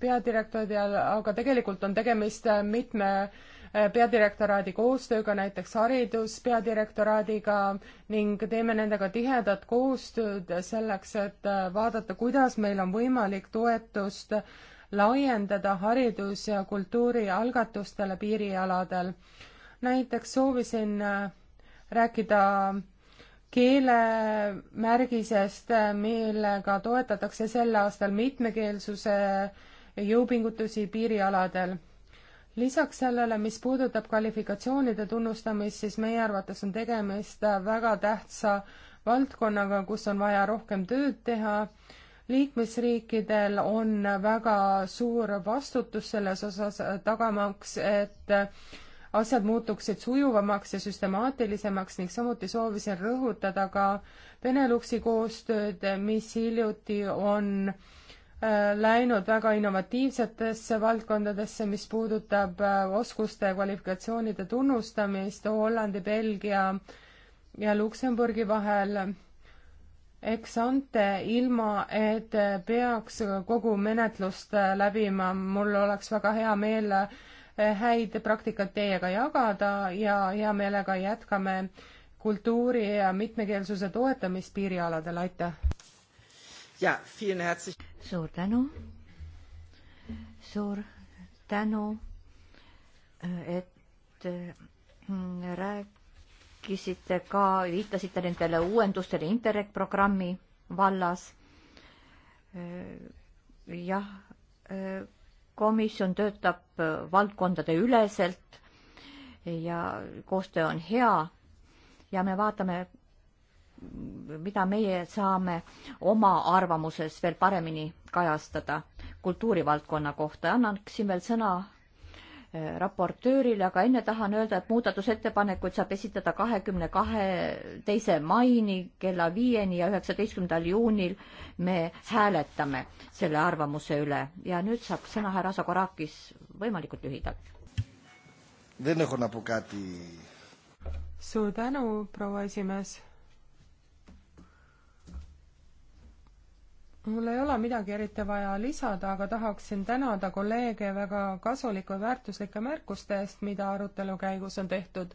[SPEAKER 2] peadirektorid ja, aga tegelikult on tegemist mitme äh, Äh, peadirektoraadi koostööga, näiteks haridus peadirektoraadiga ning teeme nendega tihedat koostööd selleks, et äh, vaadata, kuidas meil on võimalik toetust laiendada haridus- ja kultuurialgatustele piirialadel. näiteks soovisin äh, rääkida keelemärgisest, millega toetatakse sel aastal mitmekeelsuse jõupingutusi piirialadel lisaks sellele, mis puudutab kvalifikatsioonide tunnustamist, siis meie arvates on tegemist väga tähtsa valdkonnaga, kus on vaja rohkem tööd teha. liikmesriikidel on väga suur vastutus selles osas, tagamaks, et asjad muutuksid sujuvamaks ja süstemaatilisemaks ning samuti soovisin rõhutada ka Beneluxi koostööd, mis hiljuti on äh, läinud väga innovatiivsetesse valdkondadesse, mis puudutab äh, oskuste ja kvalifikatsioonide tunnustamist Hollandi, Belgia ja Luksemburgi vahel eks ante, ilma et peaks kogu menetlust äh, läbima. mul oleks väga hea meel äh, häid praktikaid teiega jagada ja hea meelega jätkame kultuuri ja mitmekeelsuse toetamist piirialadel, aitäh! ja vielen herzlich. suur tänu. suur tänu,
[SPEAKER 1] äh, et äh, rääkisite ka, viitasite nendele uuendustele Interreg programmi vallas. Äh, jah, komisjon töötab valdkondade üleselt ja koostöö on hea ja me vaatame mida meie saame oma arvamuses veel paremini kajastada kultuurivaldkonna kohta. annaksin veel sõna eh, raportöörile, aga enne tahan öelda, et muudatusettepanekuid saab esitada kahekümne kahe teise maini kella viieni ja üheksateistkümnendal juunil me hääletame selle arvamuse üle ja nüüd saab sõna härra Sagorakis võimalikult lühidalt.
[SPEAKER 2] suur tänu, proua esimees mul ei ole midagi eriti vaja lisada, aga tahaksin tänada kolleege väga kasulike ja väärtuslike märkuste eest, mida arutelu käigus on tehtud.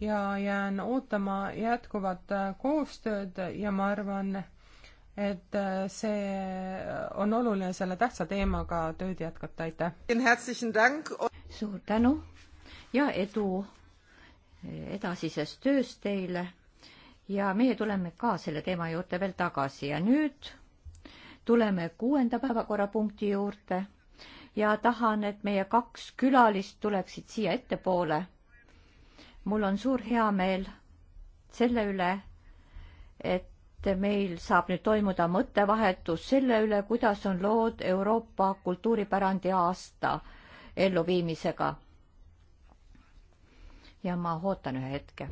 [SPEAKER 2] ja jään ootama jätkuvat äh, koostööd ja ma arvan, et äh, see on oluline selle tähtsa teemaga tööd jätkata, aitäh!
[SPEAKER 1] suur tänu ja edu äh, edasises töös teile ja meie tuleme ka selle teema juurde veel tagasi ja nüüd tuleme kuuenda päevakorrapunkti juurde ja tahan, et meie kaks külalist tuleksid siia ettepoole. mul on suur heameel selle üle, et meil saab nüüd toimuda mõttevahetus selle üle, kuidas on lood Euroopa kultuuripärandi aasta elluviimisega. ja ma ootan ühe hetke.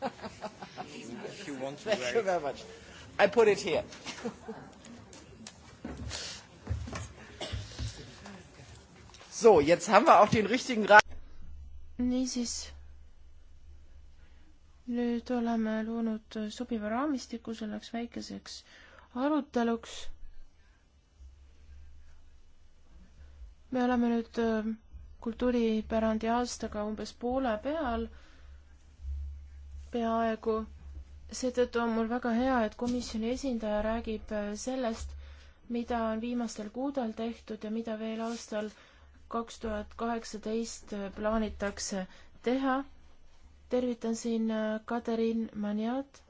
[SPEAKER 1] Ha ha ha want to. Thank you very much. I put it here. so, jetzt haben wir auch den richtigen
[SPEAKER 3] Rat. Niisiis, nüüd oleme loonud sobiva raamistiku selleks väikeseks aruteluks. me oleme nüüd äh, kultuuripärandi aastaga umbes poole peal peaaegu seetõttu on mul väga hea, et komisjoni esindaja räägib äh, sellest, mida on viimastel kuudel tehtud ja mida veel aastal kaks tuhat kaheksateist äh, plaanitakse teha. tervitan siin äh, Kaderin Maniat,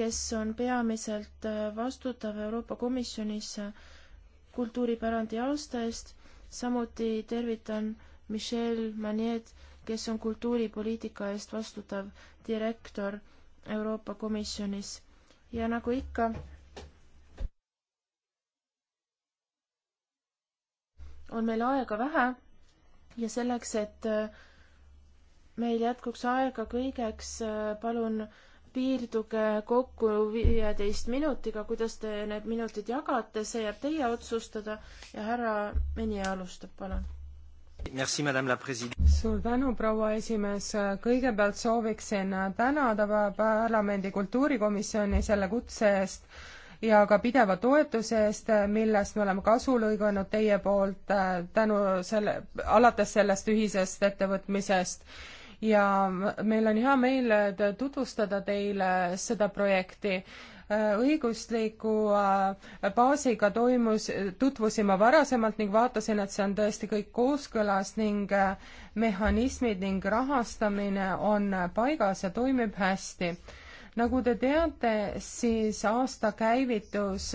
[SPEAKER 3] kes on peamiselt vastutav Euroopa Komisjonis kultuuripärandi aasta eest. samuti tervitan Michel Maniet, kes on kultuuripoliitika eest vastutav direktor Euroopa Komisjonis ja nagu ikka, on meil aega vähe ja selleks, et äh, meil jätkuks aega kõigeks, äh, palun piirduge kokku viieteist minutiga, kuidas te need minutid jagate, see jääb teie otsustada ja härra Menje alustab, palun suur
[SPEAKER 2] tänu, proua esimees, kõigepealt sooviksin tänada parlamendi kultuurikomisjoni selle kutse eest ja ka pideva toetuse eest, millest me oleme kasu lõiganud teie poolt äh, tänu selle, alates sellest ühisest ettevõtmisest. ja meil on hea meel tutvustada teile seda projekti Äh, õigusliku äh, baasiga toimus, äh, tutvusin ma varasemalt ning vaatasin, et see on tõesti kõik kooskõlas ning mehhanismid ning rahastamine on paigas ja toimib hästi. nagu te teate, siis aasta käivitus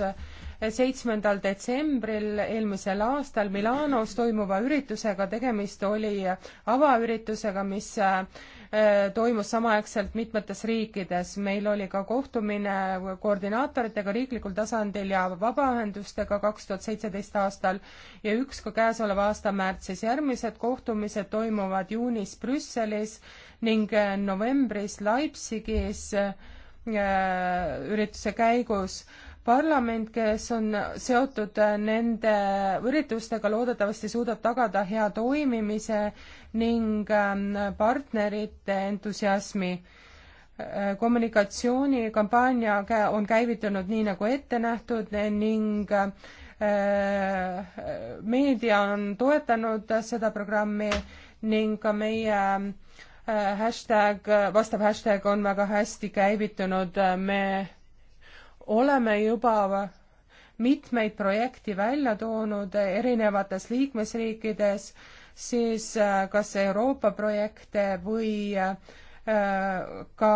[SPEAKER 2] seitsmendal detsembril eelmisel aastal Milanos toimuva üritusega, tegemist oli avaüritusega, mis Äh, toimus samaaegselt mitmetes riikides. meil oli ka kohtumine koordinaatoritega riiklikul tasandil ja vabaühendustega kaks tuhat seitseteist aastal ja üks ka käesoleva aasta märtsis. järgmised kohtumised toimuvad juunis Brüsselis ning äh, novembris Leipzigis äh, ürituse käigus parlament, kes on seotud nende üritustega, loodetavasti suudab tagada hea toimimise ning ähm, partnerite entusiasmi. Äh, kommunikatsioonikampaania on käivitunud nii, nagu ette nähtud ning äh, meedia on toetanud seda programmi ning ka meie äh, hashtag, vastav hashtag on väga hästi käivitunud, me oleme juba mitmeid projekti välja toonud erinevates liikmesriikides, siis äh, kas Euroopa projekte või äh, ka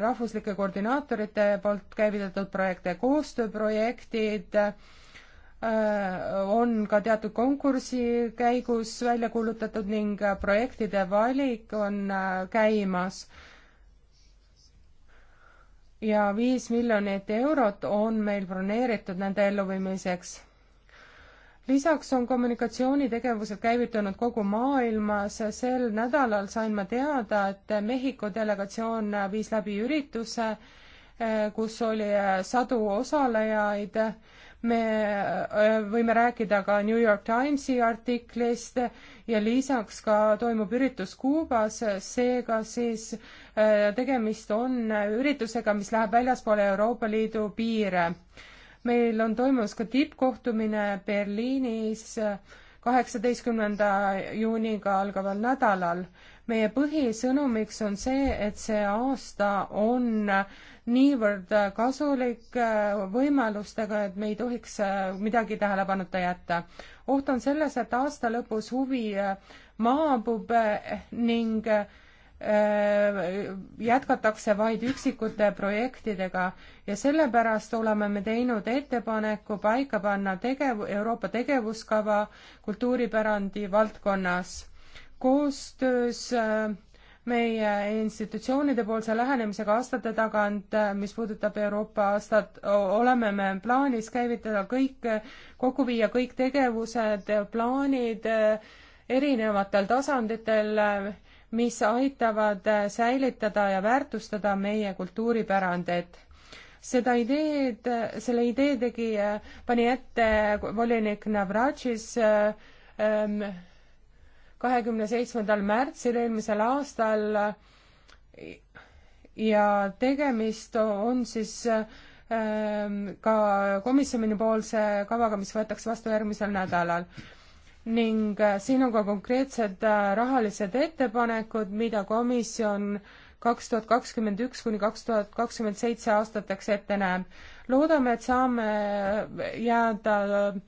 [SPEAKER 2] rahvuslike koordinaatorite poolt käivitatud projekte, koostööprojektid äh, on ka teatud konkursi käigus välja kuulutatud ning projektide valik on käimas ja viis miljonit eurot on meil broneeritud nende elluviimiseks. lisaks on kommunikatsioonitegevused käivitunud kogu maailmas, sel nädalal sain ma teada, et Mehhiko delegatsioon viis läbi ürituse, eh, kus oli eh, sadu osalejaid me äh, võime rääkida ka New York Timesi artiklist ja lisaks ka toimub üritus Kuubas, seega siis äh, tegemist on üritusega, mis läheb väljaspoole Euroopa Liidu piire. meil on toimumas ka tippkohtumine Berliinis kaheksateistkümnenda juuniga algaval nädalal meie põhisõnumiks on see, et see aasta on niivõrd kasulik äh, võimalustega, et me ei tohiks äh, midagi tähelepanuta jätta. oht on selles, et aasta lõpus huvi äh, maabub ning jätkatakse vaid üksikute projektidega ja sellepärast oleme me teinud ettepaneku paika panna tegev, Euroopa tegevuskava kultuuripärandi valdkonnas koostöös äh, meie institutsioonide poolse lähenemisega aastate tagant, äh, mis puudutab Euroopa aastat, oleme me plaanis käivitada kõik, kokku viia kõik tegevused, plaanid äh, erinevatel tasanditel, mis aitavad säilitada ja väärtustada meie kultuuripärandit seda ideed, selle idee tegi, pani ette volinik Navratšis ähm, kahekümne seitsmendal märtsil eelmisel aastal ja tegemist on siis ähm, ka komisjonipoolse kavaga, mis võetakse vastu järgmisel nädalal. ning äh, siin on ka konkreetsed äh, rahalised ettepanekud, mida komisjon kaks tuhat kakskümmend üks kuni kaks tuhat kakskümmend seitse aastateks ette näeb. loodame, et saame jääda äh,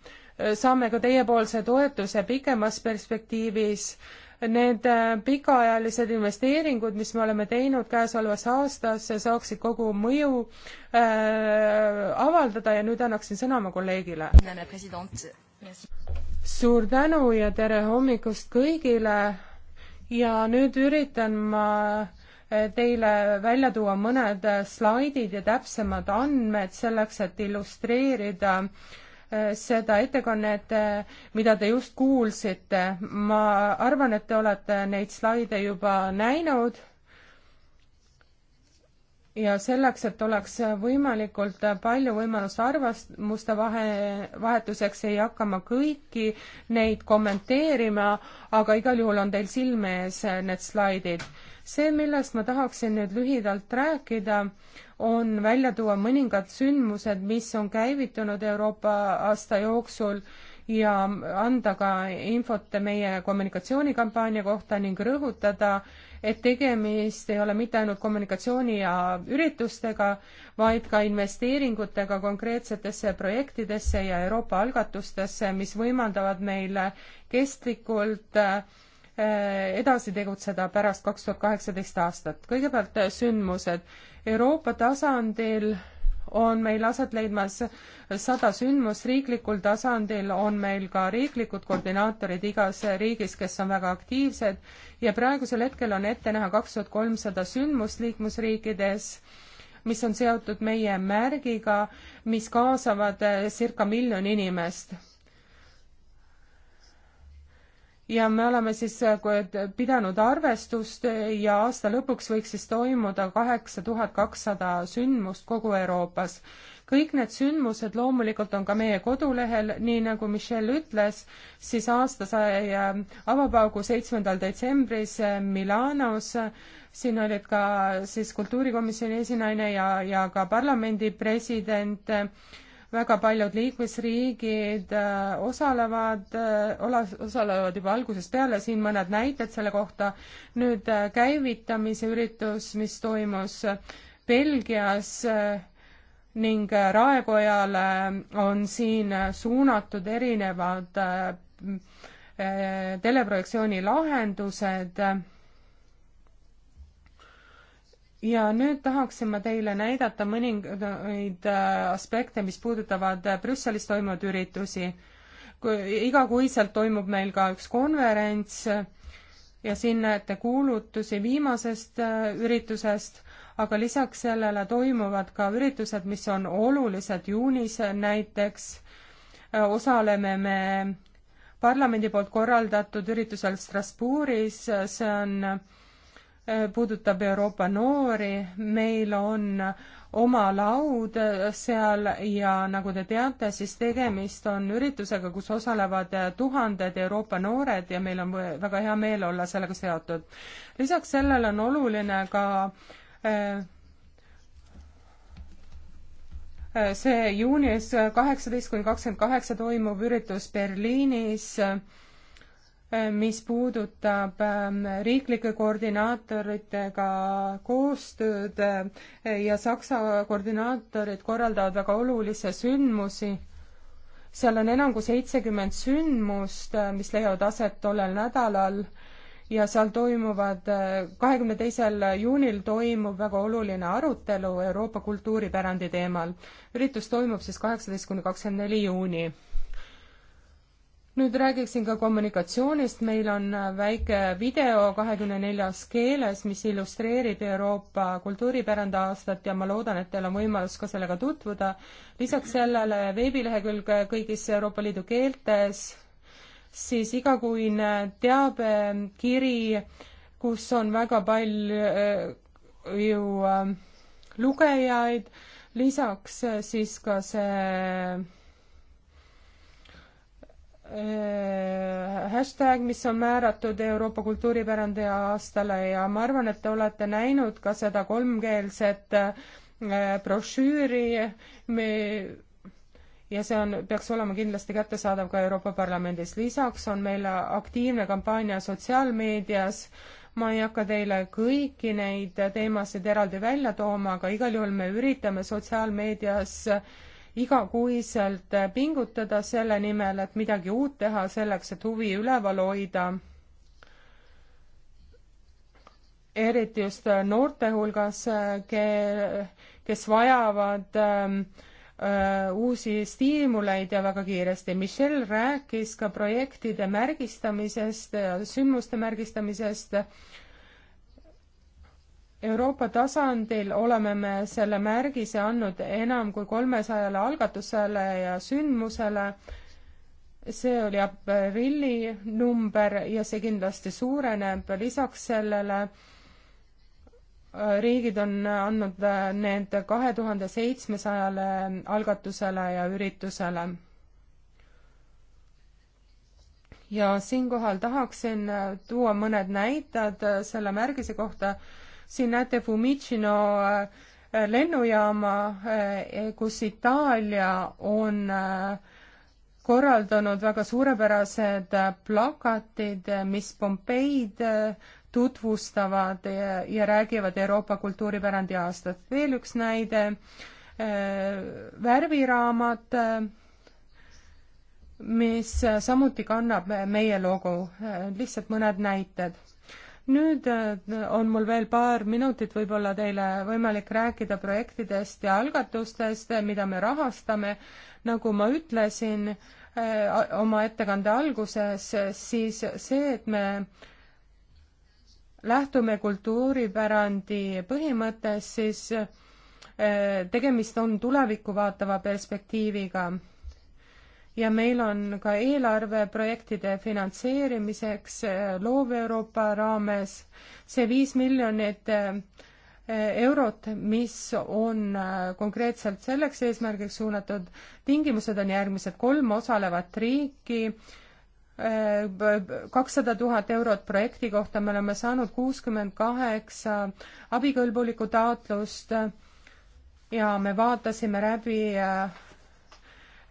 [SPEAKER 2] saame ka teiepoolse toetuse pikemas perspektiivis. Need äh, pikaajalised investeeringud, mis me oleme teinud käesolevasse aastasse, saaksid kogu mõju äh, avaldada ja nüüd annaksin sõna oma kolleegile. suur tänu ja tere hommikust kõigile ja nüüd üritan ma äh, teile välja tuua mõned äh, slaidid ja täpsemad andmed selleks, et illustreerida äh, seda ettekannet, mida te just kuulsite. ma arvan, et te olete neid slaide juba näinud. ja selleks, et oleks võimalikult palju võimalust arvamuste vahe, vahetuseks, ei hakka ma kõiki neid kommenteerima, aga igal juhul on teil silme ees need slaidid see, millest ma tahaksin nüüd lühidalt rääkida, on välja tuua mõningad sündmused, mis on käivitunud Euroopa aasta jooksul ja anda ka infot meie kommunikatsioonikampaania kohta ning rõhutada, et tegemist ei ole mitte ainult kommunikatsiooni ja üritustega, vaid ka investeeringutega konkreetsetesse projektidesse ja Euroopa algatustesse, mis võimaldavad meile kestlikult äh, Äh, edasi tegutseda pärast kaks tuhat kaheksateist aastat. kõigepealt äh, sündmused. Euroopa tasandil on meil aset leidmas sada sündmust, riiklikul tasandil on meil ka riiklikud koordinaatorid igas riigis, kes on väga aktiivsed ja praegusel hetkel on ette näha kaks tuhat kolmsada sündmust liikmesriikides mis on seotud meie märgiga, mis kaasavad äh, circa miljon inimest ja me oleme siis äh, pidanud arvestust äh, ja aasta lõpuks võiks siis toimuda kaheksa tuhat kakssada sündmust kogu Euroopas. kõik need sündmused loomulikult on ka meie kodulehel, nii nagu Michelle ütles, siis aasta sai äh, avapaugu seitsmendal detsembris Milanos, siin olid ka siis kultuurikomisjoni esinaine ja, ja ka parlamendi president väga paljud liikmesriigid äh, osalevad, äh, osalevad juba algusest peale, siin mõned näited selle kohta. nüüd äh, käivitamise üritus, mis toimus Belgias ning raekojale on siin suunatud erinevad teleprojektsiooni lahendused ja nüüd tahaksin ma teile näidata mõningaid äh, aspekte, mis puudutavad äh, Brüsselis toimuvaid üritusi. kui igakuiselt toimub meil ka üks konverents äh, ja siin näete kuulutusi viimasest üritusest, aga lisaks sellele toimuvad ka üritused, mis on olulised juunis näiteks osaleme me parlamendi poolt korraldatud üritusel Strasbourgis, see on puudutab Euroopa noori, meil on oma laud seal ja nagu te teate, siis tegemist on üritusega, kus osalevad tuhanded Euroopa noored ja meil on väga hea meel olla sellega seotud. lisaks sellele on oluline ka äh, äh, see juunis kaheksateist kuni kakskümmend kaheksa toimuv üritus Berliinis mis puudutab ähm, riiklike koordinaatoritega koostööd äh, ja Saksa koordinaatorid korraldavad väga olulisi sündmusi. seal on enam kui seitsekümmend sündmust, äh, mis leiavad aset tollel nädalal ja seal toimuvad, äh, kahekümne teisel juunil toimub väga oluline arutelu Euroopa kultuuripärandi teemal. üritus toimub siis kaheksateist kuni kakskümmend neli juuni nüüd räägiksin ka kommunikatsioonist, meil on äh, väike video kahekümne neljas keeles, mis illustreerib Euroopa kultuuripärandi aastat ja ma loodan, et teil on võimalus ka sellega tutvuda. lisaks sellele veebilehekülg kõigis Euroopa Liidu keeltes, siis igakuine teabekiri, kus on väga palju äh, ju äh, lugejaid, lisaks äh, siis ka see Äh, hashtag, mis on määratud Euroopa kultuuripärandi aastale ja ma arvan, et te olete näinud ka seda kolmkeelset äh, brošüüri ja see on, peaks olema kindlasti kättesaadav ka Euroopa Parlamendis. lisaks on meil aktiivne kampaania sotsiaalmeedias, ma ei hakka teile kõiki neid teemasid eraldi välja tooma, aga igal juhul me üritame sotsiaalmeedias äh, igakuiselt pingutada selle nimel, et midagi uut teha selleks, et huvi üleval hoida. eriti just noorte hulgas, kes vajavad ähm, äh, uusi stiimuleid ja väga kiiresti. Michelle rääkis ka projektide märgistamisest, sündmuste märgistamisest Euroopa tasandil oleme me selle märgise andnud enam kui kolmesajale algatusele ja sündmusele. see oli aprilli number ja see kindlasti suureneb, lisaks sellele äh, riigid on andnud äh, need kahe tuhande seitsmesajale algatusele ja üritusele. ja siinkohal tahaksin äh, tuua mõned näited selle märgise kohta, siin näete Fumicino äh, lennujaama, äh, kus Itaalia on äh, korraldanud väga suurepärased plakatid, mis Pompeid tutvustavad ja, ja räägivad Euroopa kultuuripärandi aastast. veel üks näide äh,, värviraamat, mis samuti kannab meie logo äh,, lihtsalt mõned näited nüüd äh, on mul veel paar minutit võib-olla teile võimalik rääkida projektidest ja algatustest, mida me rahastame. nagu ma ütlesin äh, oma ettekande alguses, siis see, et me lähtume kultuuripärandi põhimõttest, siis äh, tegemist on tulevikku vaatava perspektiiviga ja meil on ka eelarve projektide finantseerimiseks äh, Loov Euroopa raames see viis miljonit äh, eurot, mis on äh, konkreetselt selleks eesmärgiks suunatud. tingimused on järgmised, kolm osalevat riiki, kakssada tuhat eurot projekti kohta, me oleme saanud kuuskümmend kaheksa abikõlbulikku taotlust ja me vaatasime läbi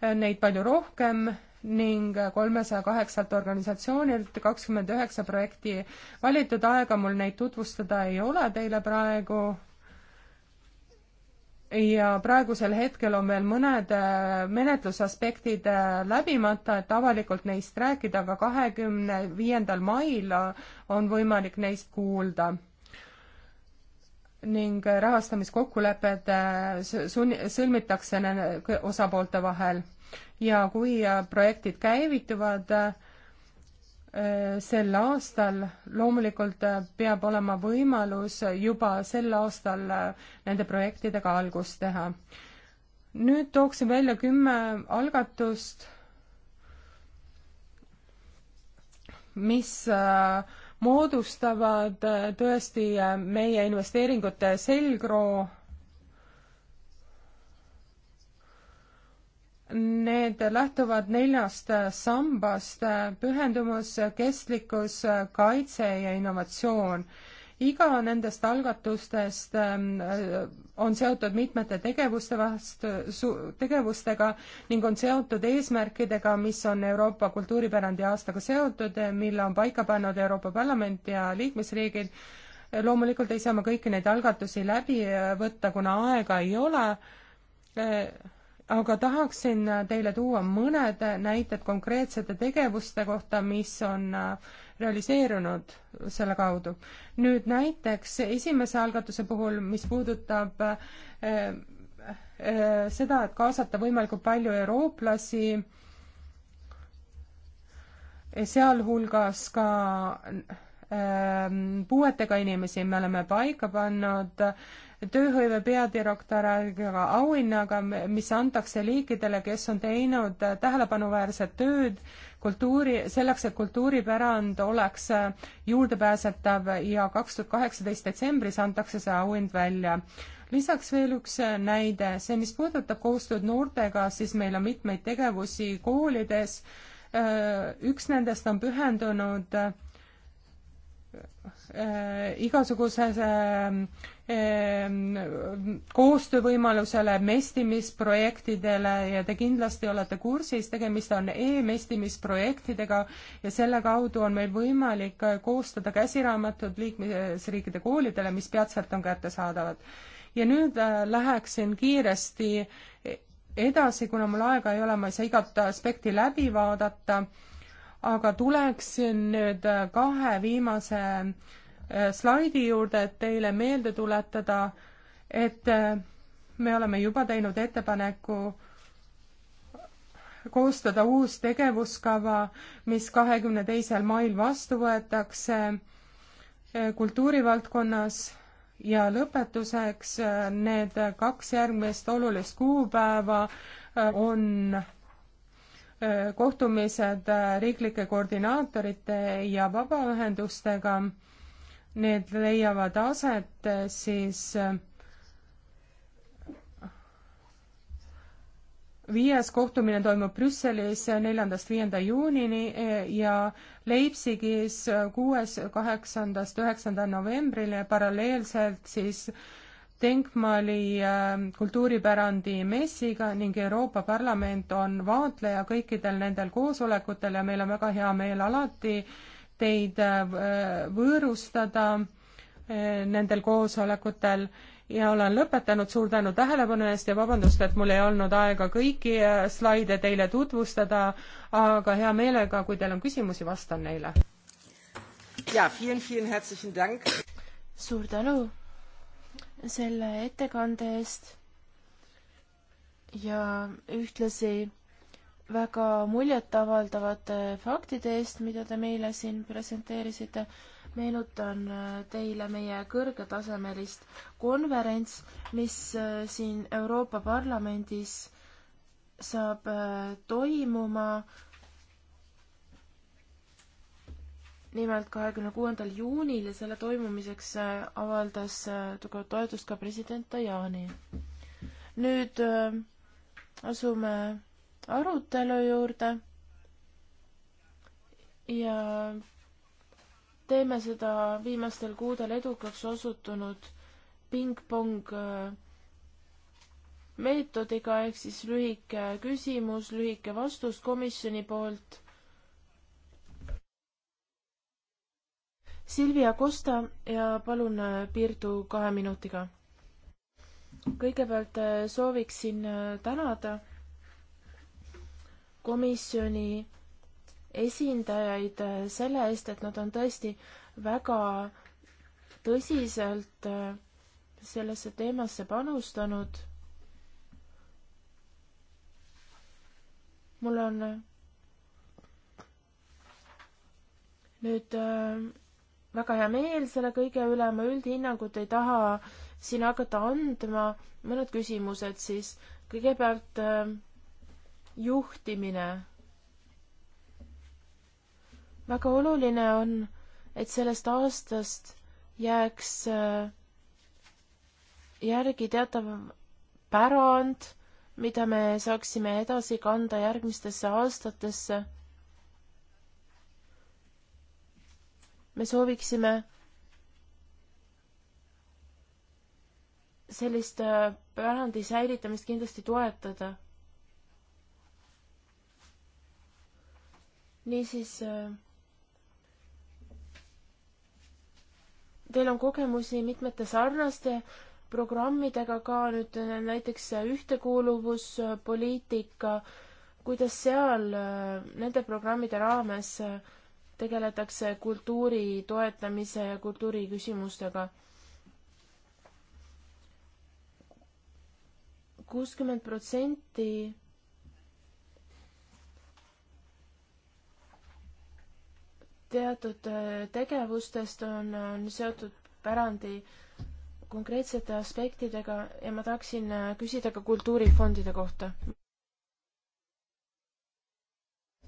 [SPEAKER 2] neid palju rohkem ning kolmesaja kaheksalt organisatsioonilt kakskümmend üheksa projekti valitud aega mul neid tutvustada ei ole teile praegu. ja praegusel hetkel on veel mõned äh, menetlusaspektid äh, läbimata, et avalikult neist rääkida, aga kahekümne viiendal mail äh, on võimalik neist kuulda ning rahastamiskokkulepped äh, sun-, sõlmitakse osapoolte vahel. ja kui äh, projektid käivituvad äh, sel aastal, loomulikult peab olema võimalus juba sel aastal nende projektidega algust teha. nüüd tooksin välja kümme algatust, mis äh, moodustavad äh, tõesti äh, meie investeeringute selgroo. Need lähtuvad neljast äh, sambast, pühendumus, kestlikkus, kaitse ja innovatsioon. iga nendest algatustest ähm, on seotud mitmete tegevuste vastu, tegevustega ning on seotud eesmärkidega, mis on Euroopa kultuuripärandi aastaga seotud, mille on paika pannud Euroopa Parlament ja liikmesriigid. loomulikult ei saa ma kõiki neid algatusi läbi võtta, kuna aega ei ole aga tahaksin teile tuua mõned näited konkreetsete tegevuste kohta, mis on äh, realiseerunud selle kaudu. nüüd näiteks esimese algatuse puhul, mis puudutab äh, äh, seda, et kaasata võimalikult palju eurooplasi, sealhulgas ka äh, puuetega inimesi, me oleme paika pannud äh, tööhõive peadirektoriga auhinnaga, mis antakse liikidele, kes on teinud tähelepanuväärset tööd kultuuri, selleks, et kultuuripärand oleks juurdepääsetav ja kaks tuhat kaheksateist detsembris antakse see auhind välja lisaks veel üks näide, see, mis puudutab koostööd noortega, siis meil on mitmeid tegevusi koolides. üks nendest on pühendunud äh, Äh, igasuguse ähm, ähm, koostöövõimalusele, mestimisprojektidele ja te kindlasti olete kursis, tegemist on e-mestimisprojektidega ja selle kaudu on meil võimalik äh, koostada käsiraamatud liikmesriikide koolidele, mis peatselt on kättesaadavad. ja nüüd äh, läheksin kiiresti edasi, kuna mul aega ei ole, ma ei saa igat aspekti läbi vaadata aga tuleksin nüüd äh, kahe viimase äh, slaidi juurde, et teile meelde tuletada, et äh, me oleme juba teinud ettepaneku koostada uus tegevuskava, mis kahekümne teisel mail vastu võetakse kultuurivaldkonnas ja lõpetuseks need kaks järgmist olulist kuupäeva on kohtumised riiklike koordinaatorite ja vabaühendustega. Need leiavad aset siis viies kohtumine toimub Brüsselis neljandast viienda juunini ja Leipzigis kuues, kaheksandast üheksanda novembrini paralleelselt siis Denkmali ähm, kultuuripärandi messiga ning Euroopa Parlament on vaatleja kõikidel nendel koosolekutel ja meil on väga hea meel alati teid äh, võõrustada äh, nendel koosolekutel ja olen lõpetanud, suur tänu tähelepanu eest ja vabandust, et mul ei olnud aega kõiki äh, slaide teile tutvustada, aga hea meelega, kui teil on küsimusi, vastan neile. jaa,
[SPEAKER 3] suur tänu selle ettekande eest ja ühtlasi väga muljetavaldavate faktide eest, mida te meile siin presenteerisite. meenutan äh, teile meie kõrgetasemelist konverents, mis äh, siin Euroopa Parlamendis saab äh, toimuma nimelt kahekümne kuuendal juunil ja selle toimumiseks äh, avaldas äh, tugevat toetust ka president Tajani. nüüd äh, asume arutelu juurde ja teeme seda viimastel kuudel edukaks osutunud pingpong meetodiga ehk siis lühike küsimus, lühike vastus komisjoni poolt Silvia Kosta ja palun äh, piirdu kahe minutiga. kõigepealt äh, sooviksin äh, tänada komisjoni esindajaid selle eest, et nad on tõesti väga tõsiselt sellesse teemasse panustanud. mul on nüüd väga hea meel selle kõige üle, ma üldhinnangut ei taha siin hakata andma, mõned küsimused siis. kõigepealt äh, juhtimine. väga oluline on, et sellest aastast jääks äh, järgi teatav pärand, mida me saaksime edasi kanda järgmistesse aastatesse me sooviksime sellist äh, pärandi säilitamist kindlasti toetada. niisiis, äh, teil on kogemusi mitmete sarnaste programmidega ka nüüd äh, näiteks ühtekuuluvuspoliitika, kuidas seal nende programmide raames äh, tegeletakse kultuuri toetamise ja kultuuriküsimustega. kuuskümmend protsenti teatud äh, tegevustest on, on seotud pärandi konkreetsete aspektidega ja ma tahaksin äh, küsida ka kultuurifondide kohta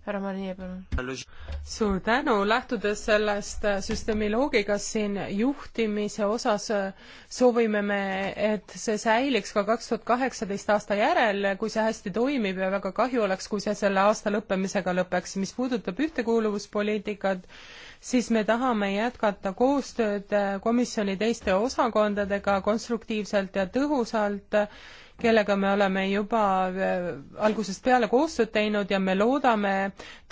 [SPEAKER 3] härra Marje, palun. suur tänu,
[SPEAKER 2] lähtudes sellest äh, süsteemi loogikast siin juhtimise osas äh, soovime me, et see säiliks ka kaks tuhat kaheksateist aasta järel, kui see hästi toimib ja väga kahju oleks, kui see selle aasta lõppemisega lõpeks. mis puudutab ühtekuuluvuspoliitikat, siis me tahame jätkata koostööd äh, komisjoni teiste osakondadega konstruktiivselt ja tõhusalt kellega me oleme juba äh, algusest peale koostööd teinud ja me loodame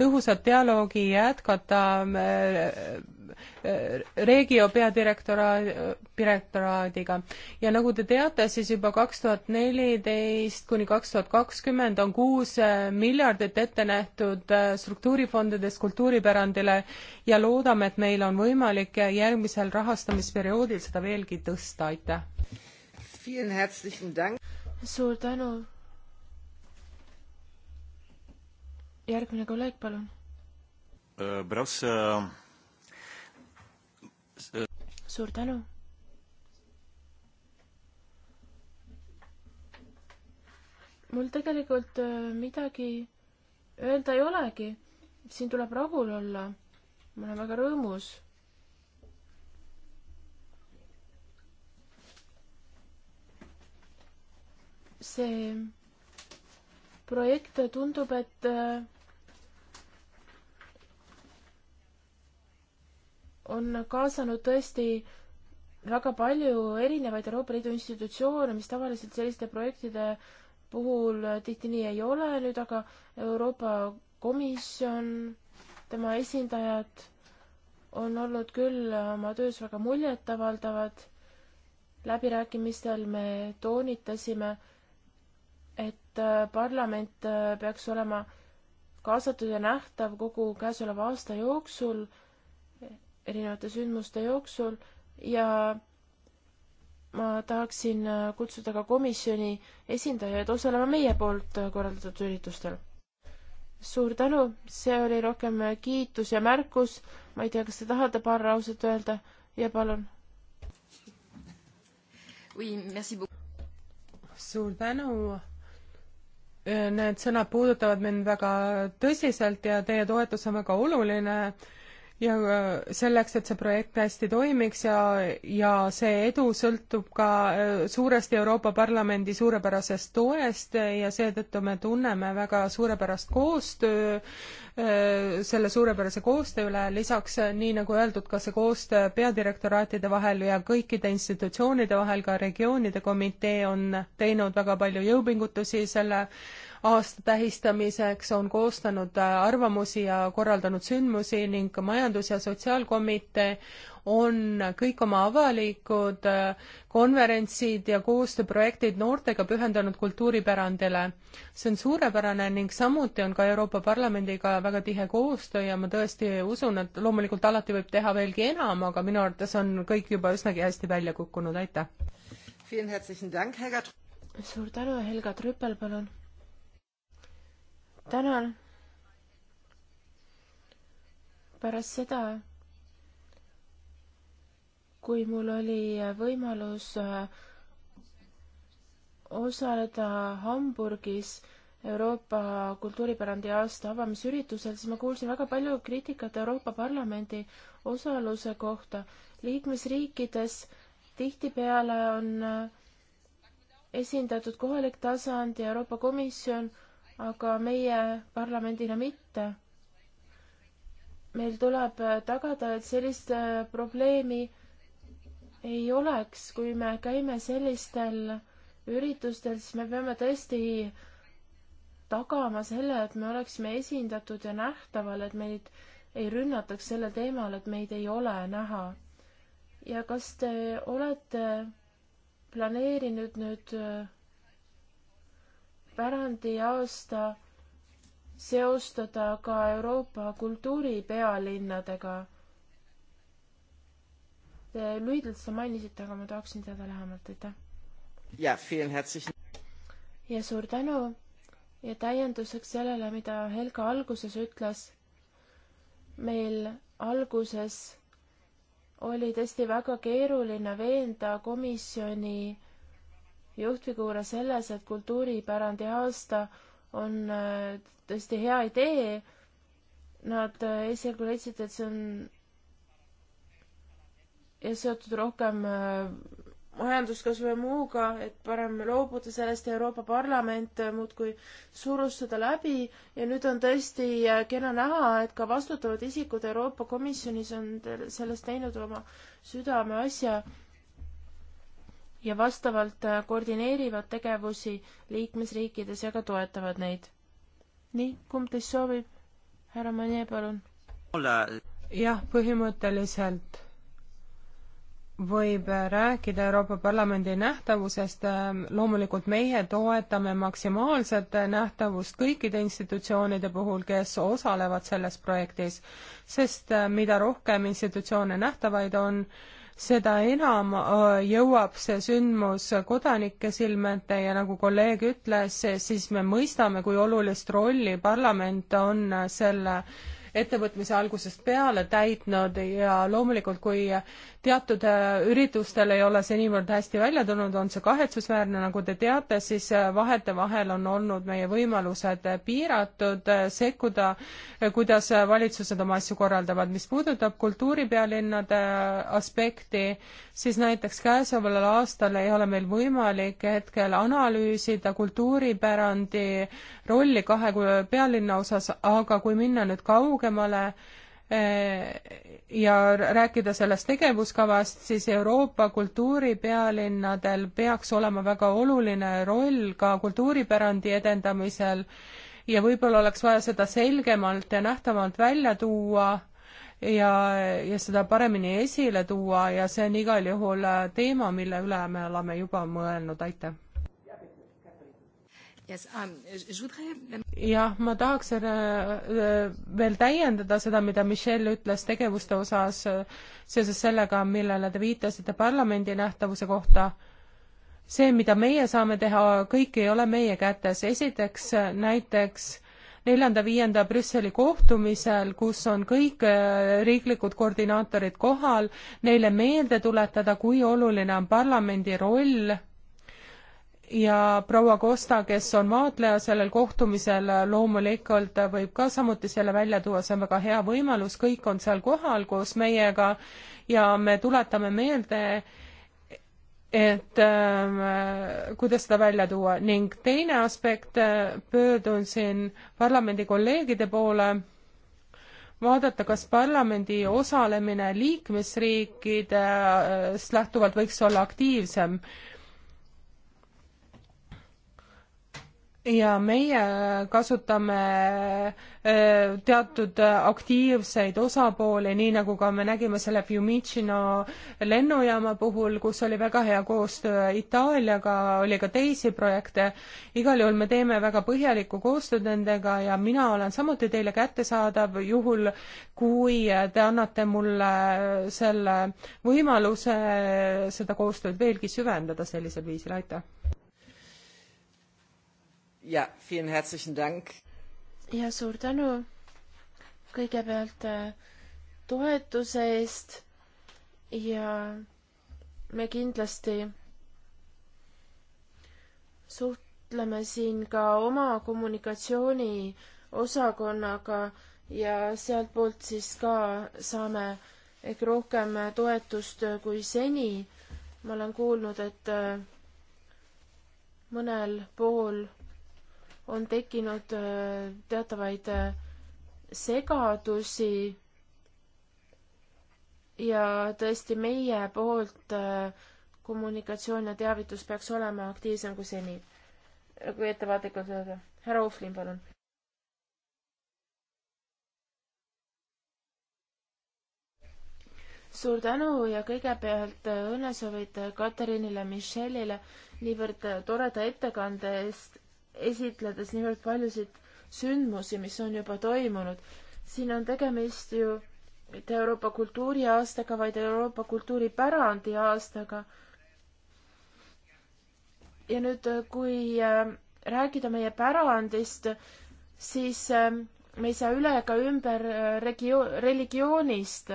[SPEAKER 2] tõhusat dialoogi jätkata äh, Regio peadirektora-, direktoraadiga. ja nagu te teate, siis juba kaks tuhat neliteist kuni kaks tuhat kakskümmend on kuus äh, miljardit ette nähtud struktuurifondidest kultuuripärandile ja loodame, et meil on võimalik järgmisel rahastamisperioodil seda veelgi tõsta, aitäh!
[SPEAKER 3] suur tänu. järgmine kolleeg, palun.
[SPEAKER 1] Vreau äh, să... Äh, äh,
[SPEAKER 3] suur tänu. mul tegelikult midagi öelda ei olegi. siin tuleb rahul olla. ma olen väga rõõmus see projekt tundub, et äh, on kaasanud tõesti väga palju erinevaid Euroopa Liidu institutsioone, mis tavaliselt selliste projektide puhul tihti nii ei ole, nüüd aga Euroopa Komisjon, tema esindajad on olnud küll oma töös väga muljetavaldavad. läbirääkimistel me toonitasime, et äh, parlament äh, peaks olema kaasatud ja nähtav kogu käesoleva aasta jooksul, erinevate sündmuste jooksul ja ma tahaksin äh, kutsuda ka komisjoni esindajaid osalema meie poolt korraldatud üritustel. suur tänu, see oli rohkem kiitus ja märkus. ma ei tea, kas te tahate paar lauset öelda ja palun.
[SPEAKER 2] suur tänu Need sõnad puudutavad mind väga tõsiselt ja teie toetus on väga oluline ja äh, selleks, et see projekt hästi toimiks ja, ja see edu sõltub ka äh, suuresti Euroopa Parlamendi suurepärasest toest äh, ja seetõttu me tunneme väga suurepärast koostöö, selle suurepärase koostöö üle, lisaks nii nagu öeldud, ka see koostöö peadirektoraatide vahel ja kõikide institutsioonide vahel, ka regioonide komitee on teinud väga palju jõupingutusi selle aasta tähistamiseks, on koostanud äh, arvamusi ja korraldanud sündmusi ning Majandus- ja Sotsiaalkomitee on kõik oma avalikud äh, konverentsid ja koostööprojektid noortega pühendanud kultuuripärandile. see on suurepärane ning samuti on ka Euroopa Parlamendiga väga tihe koostöö ja ma tõesti usun, et loomulikult alati võib teha veelgi enam, aga minu arvates on kõik juba üsnagi hästi välja kukkunud, aitäh!
[SPEAKER 3] suur tänu, Helga Trüppel, palun! tänan. pärast seda, kui mul oli võimalus äh, osaleda Hamburgis Euroopa kultuuripärandi aasta avamisüritusel, siis ma kuulsin väga palju kriitikat Euroopa Parlamendi osaluse kohta. liikmesriikides tihtipeale on äh, esindatud kohalik tasand ja Euroopa Komisjon aga meie parlamendina mitte. meil tuleb tagada, et sellist äh, probleemi ei oleks, kui me käime sellistel üritustel, siis me peame tõesti tagama selle, et me oleksime esindatud ja nähtaval, et meid ei rünnataks sellel teemal, et meid ei ole näha. ja kas te olete planeerinud nüüd, nüüd äh, pärandiaasta seostada ka Euroopa kultuuripealinnadega. Te lühidalt seda mainisite, aga ma tahaksin teada lähemalt, aitäh. ja, ja suur tänu ja täienduseks sellele, mida Helga alguses ütles. meil alguses oli tõesti väga keeruline veenda komisjoni juhtfiguure selles, et kultuuripärandi aasta on äh, tõesti hea idee. Nad äh, esialgu leidsid, et see on ja seotud rohkem äh, majanduskasvu ja muuga, et parem loobuda sellest ja Euroopa Parlament muudkui surus seda läbi ja nüüd on tõesti kena näha, et ka vastutavad isikud Euroopa Komisjonis on sellest teinud oma südameasja ja vastavalt äh, koordineerivad tegevusi liikmesriikides ja ka toetavad neid. nii, kumb teist soovib? härra Manje, palun. jah, põhimõtteliselt
[SPEAKER 2] võib äh, rääkida Euroopa Parlamendi nähtavusest, äh, loomulikult meie toetame maksimaalselt nähtavust kõikide institutsioonide puhul, kes osalevad selles projektis, sest mida rohkem institutsioone nähtavaid on, seda enam äh, jõuab see sündmus kodanike silme ette ja nagu kolleeg ütles, siis me mõistame, kui olulist rolli parlament on selle ettevõtmise algusest peale täitnud ja loomulikult, kui teatud äh, üritustel ei ole see niivõrd hästi välja tulnud, on see kahetsusväärne, nagu te teate, siis äh, vahetevahel on olnud meie võimalused piiratud äh, sekkuda, kuidas valitsused oma asju korraldavad. mis puudutab kultuuripealinnade aspekti, siis näiteks käesoleval aastal ei ole meil võimalik hetkel analüüsida kultuuripärandi rolli kahe pealinna osas, aga kui minna nüüd kaugele, kaugemale eh, ja rääkida sellest tegevuskavast, siis Euroopa kultuuripealinnadel peaks olema väga oluline roll ka kultuuripärandi edendamisel ja võib-olla oleks vaja seda selgemalt ja nähtavamalt välja tuua ja, ja seda paremini esile tuua ja see on igal juhul teema, mille üle me oleme juba mõelnud, aitäh!
[SPEAKER 3] Um, jah,
[SPEAKER 2] ma tahaks äh, äh, veel täiendada seda, mida Michelle ütles tegevuste osas äh, seoses sellega, millele te viitasite parlamendi nähtavuse kohta. see, mida meie saame teha, kõik ei ole meie kätes. esiteks näiteks neljanda-viienda Brüsseli kohtumisel, kus on kõik riiklikud koordinaatorid kohal, neile meelde tuletada, kui oluline on parlamendi roll ja proua Costa, kes on vaatleja sellel kohtumisel, loomulikult võib ka samuti selle välja tuua, see on väga hea võimalus, kõik on seal kohal koos meiega ja me tuletame meelde, et äh, kuidas seda välja tuua ning teine aspekt, äh, pöördun siin parlamendi kolleegide poole, vaadata, kas parlamendi osalemine liikmesriikidest lähtuvalt võiks olla aktiivsem äh, ja meie kasutame äh, teatud aktiivseid osapooli, nii nagu ka me nägime selle Fiumicino lennujaama puhul, kus oli väga hea koostöö Itaaliaga, oli ka teisi projekte. igal juhul me teeme väga põhjalikku koostööd nendega ja mina olen samuti teile kättesaadav juhul, kui te annate mulle selle võimaluse seda koostööd veelgi süvendada sellisel viisil, aitäh! ja, vielen herzlichen Dank.
[SPEAKER 3] ja suur tänu kõigepealt äh, toetuse eest ja me kindlasti suhtleme siin ka oma kommunikatsiooni osakonnaga ja sealtpoolt siis ka saame ehk rohkem toetust kui seni. ma olen kuulnud, et äh, mõnel pool on tekkinud äh, teatavaid äh, segadusi ja tõesti meie poolt äh, kommunikatsioon ja teavitus peaks olema aktiivsem kui seni. kui ettevaatlikult öelda. härra Ohvlin, palun. suur tänu ja kõigepealt õnnesoovid Katariinile Michelile niivõrd toreda ettekande eest esitledes niivõrd paljusid sündmusi, mis on juba toimunud. siin on tegemist ju mitte Euroopa kultuuriaastaga, vaid Euroopa kultuuripärandi aastaga. ja nüüd, kui äh, rääkida meie pärandist, siis äh, me ei saa üle ega ümber äh, regio-, religioonist.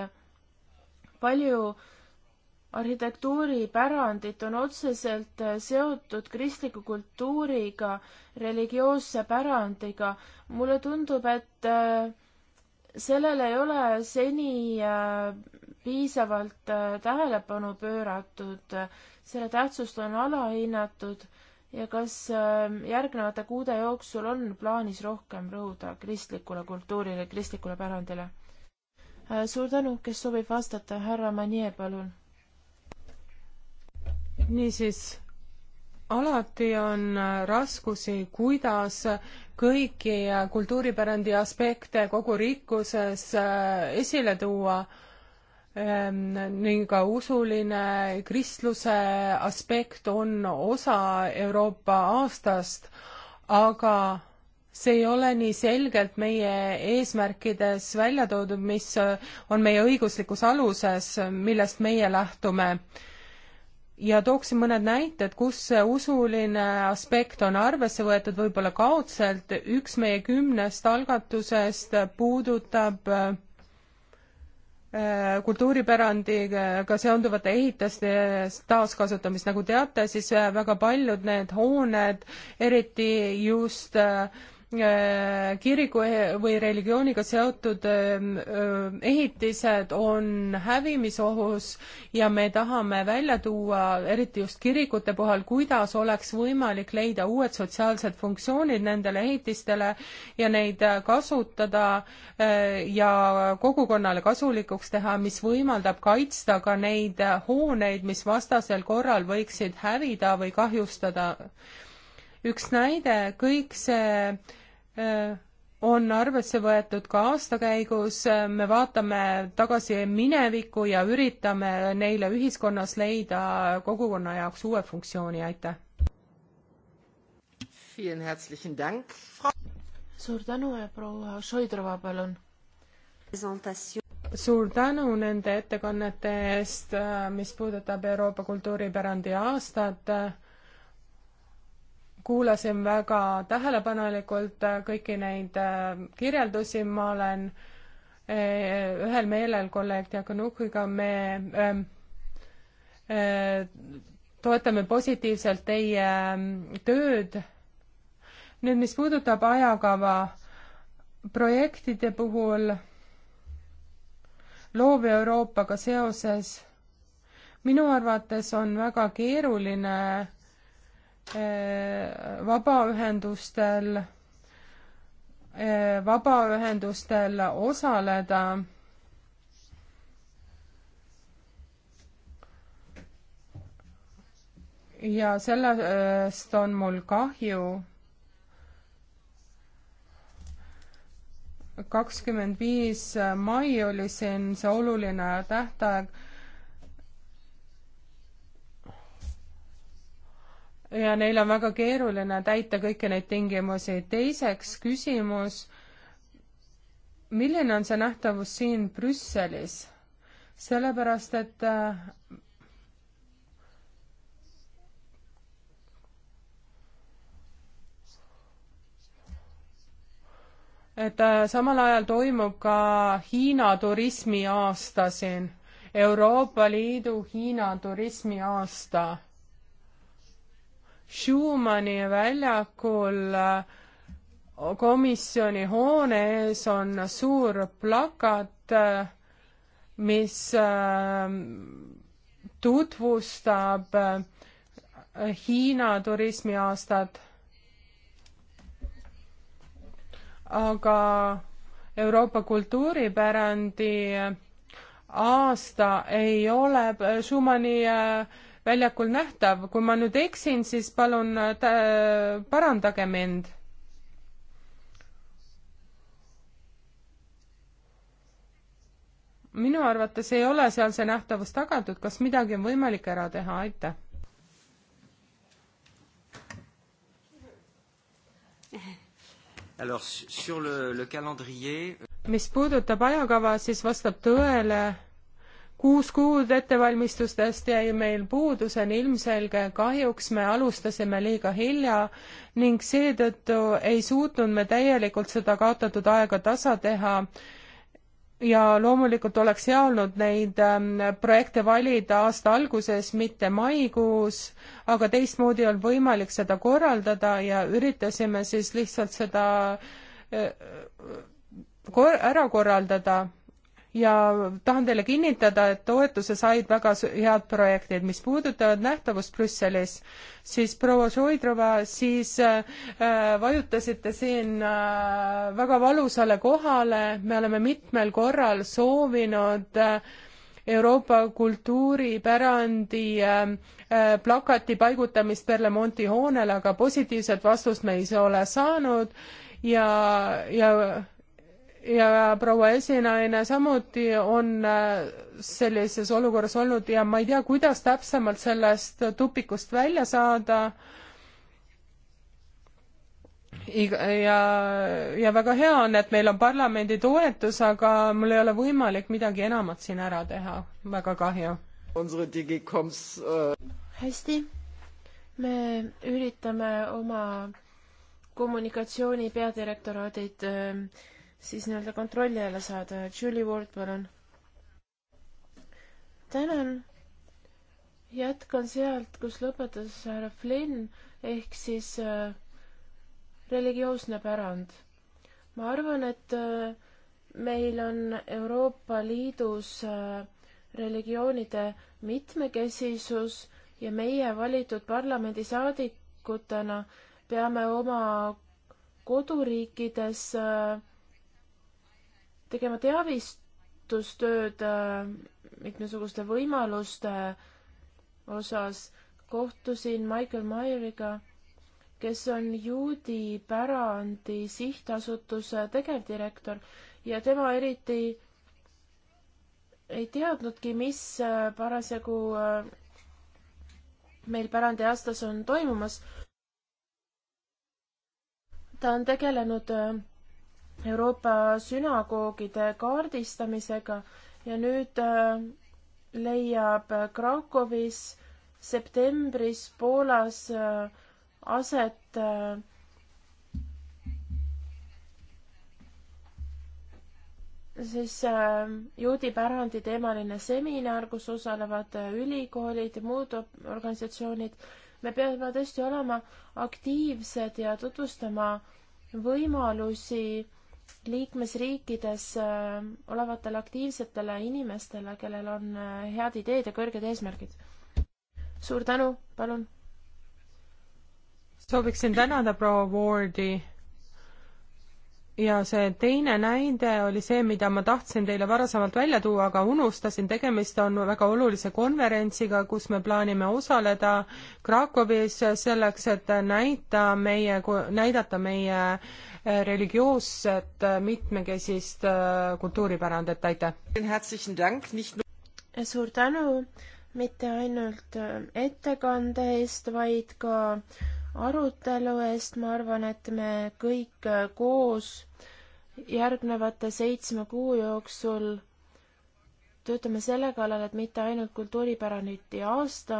[SPEAKER 3] palju äh, arhitektuuripärandit on otseselt äh, seotud kristliku kultuuriga, religioosse pärandiga. mulle tundub, et äh, sellele ei ole seni äh, piisavalt tähelepanu pööratud, selle tähtsust on alahinnatud ja kas järgnevate kuude jooksul on plaanis rohkem rõhuda kristlikule kultuurile, kristlikule pärandile? suur tänu, kes soovib vastata, härra Manier, palun niisiis, alati on äh,
[SPEAKER 2] raskusi, kuidas kõiki äh, kultuuripärandi aspekte kogu rikkuses äh, esile tuua ähm, ning ka usuline kristluse aspekt on osa Euroopa aastast, aga see ei ole nii selgelt meie eesmärkides välja toodud, mis on meie õiguslikus aluses, millest meie lähtume ja tooksin mõned näited, kus see usuline aspekt on arvesse võetud võib-olla kaudselt. üks meie kümnest algatusest puudutab äh, kultuuripärandiga seonduvate ehitaste taaskasutamist. nagu teate, siis väga paljud need hooned, eriti just äh, Äh, kiriku e- või religiooniga seotud ähm, äh, ehitised on hävimisohus ja me tahame välja tuua, eriti just kirikute puhul, kuidas oleks võimalik leida uued sotsiaalsed funktsioonid nendele ehitistele ja neid äh, kasutada ja kogukonnale kasulikuks teha, mis võimaldab kaitsta ka neid hooneid, mis vastasel korral võiksid hävida või kahjustada üks näide, kõik see Äh, on arvesse võetud ka aasta käigus, äh, me vaatame tagasi minevikku ja üritame neile ühiskonnas leida kogukonna jaoks uue funktsiooni, aitäh! suur tänu
[SPEAKER 3] ja äh, proua Šoidrova, palun!
[SPEAKER 2] suur tänu nende ettekannete eest, mis puudutab Euroopa kultuuripärandi aastat kuulasin väga tähelepanelikult kõiki neid äh, kirjeldusi, ma olen äh, ühel meelel kolleeg Diakonukiga, me ähm, äh, toetame positiivselt teie ähm, tööd. nüüd, mis puudutab ajakava projektide puhul loov Euroopaga seoses, minu arvates on väga keeruline Eh, vabaühendustel, eh, vabaühendustel osaleda ja sellest on mul kahju. kakskümmend viis mai oli siin see oluline tähtaeg ja neil on väga keeruline täita kõiki neid tingimusi. teiseks küsimus, milline on see nähtavus siin Brüsselis? sellepärast, et et äh, samal ajal toimub ka Hiina turismiaasta siin, Euroopa Liidu Hiina turismiaasta Schumanni väljakul äh, komisjoni hoone ees on suur plakat, äh, mis äh, tutvustab Hiina turismiaastat. aga Euroopa kultuuripärandi aasta ei ole Schumanni väljakul nähtav. kui ma nüüd eksin, siis palun äh, parandage mind. minu arvates ei ole seal see nähtavus tagatud, kas midagi on võimalik ära teha, aitäh. Alors sur le, le calendrier mis puudutab ajakava, siis vastab tõele, kuus kuud ettevalmistustest jäi meil puudu, see on ilmselge, kahjuks me alustasime liiga hilja ning seetõttu ei suutnud me täielikult seda kaotatud aega tasa teha. ja loomulikult oleks hea olnud neid ähm, projekte valida aasta alguses, mitte maikuus, aga teistmoodi ei olnud võimalik seda korraldada ja üritasime siis lihtsalt seda äh, äh, ära korraldada ja tahan teile kinnitada, et toetuse said väga head projektid, mis puudutavad nähtavust Brüsselis, siis proua Šoidrova, siis äh, äh, vajutasite siin äh, väga valusale kohale, me oleme mitmel korral soovinud äh, Euroopa kultuuripärandi äh, äh plakati paigutamist Berlemonti hoonele, aga positiivset vastust me ei ole saanud ja, ja ja proua esinaine samuti on äh, sellises olukorras olnud ja ma ei tea, kuidas täpsemalt sellest tupikust välja saada. ja, ja väga hea on, et meil on parlamendi toetus, aga mul ei ole võimalik midagi enamat siin ära teha, väga kahju. Äh,
[SPEAKER 3] hästi, me üritame oma kommunikatsiooni peadirektoraadid äh, siis nii-öelda kontrolli alla saada. Julie Ward, palun. tänan. jätkan sealt, kus lõpetas härra Flynn ehk siis äh, religioosne pärand. ma arvan, et äh, meil on Euroopa Liidus äh, religioonide mitmekesisus ja meie valitud parlamendisaadikutena peame oma koduriikides äh, tegema teavitustööd äh, mitmesuguste võimaluste osas. kohtusin Michael Myeriga, kes on juudi pärandi sihtasutuse tegevdirektor ja tema eriti ei teadnudki, mis äh, parasjagu äh, meil pärandiaastas on toimumas. ta on tegelenud äh, Euroopa sünagoogide kaardistamisega ja nüüd äh, leiab Krakowis septembris Poolas äh, aset äh, siis juudi pärandi teemaline seminar, kus osalevad ülikoolid ja muud organisatsioonid. me peame tõesti olema aktiivsed ja tutvustama võimalusi äh, liikmesriikides äh, olevatele aktiivsetele inimestele, kellel on äh, head ideed ja kõrged eesmärgid. suur tänu, palun.
[SPEAKER 2] sooviksin tänada proua Wardi ja see teine näide oli see, mida ma tahtsin teile varasemalt välja tuua, aga unustasin, tegemist on väga olulise konverentsiga, kus me plaanime osaleda Krakowis selleks, et näita meie, näidata meie äh, religioosset äh, mitmekesist äh,
[SPEAKER 3] kultuuripärandit, aitäh! suur tänu mitte ainult ettekande eest, vaid ka arutelu eest, ma arvan, et me kõik äh, koos järgnevate seitsme kuu jooksul töötame selle kallal, et mitte ainult kultuuripärandi aasta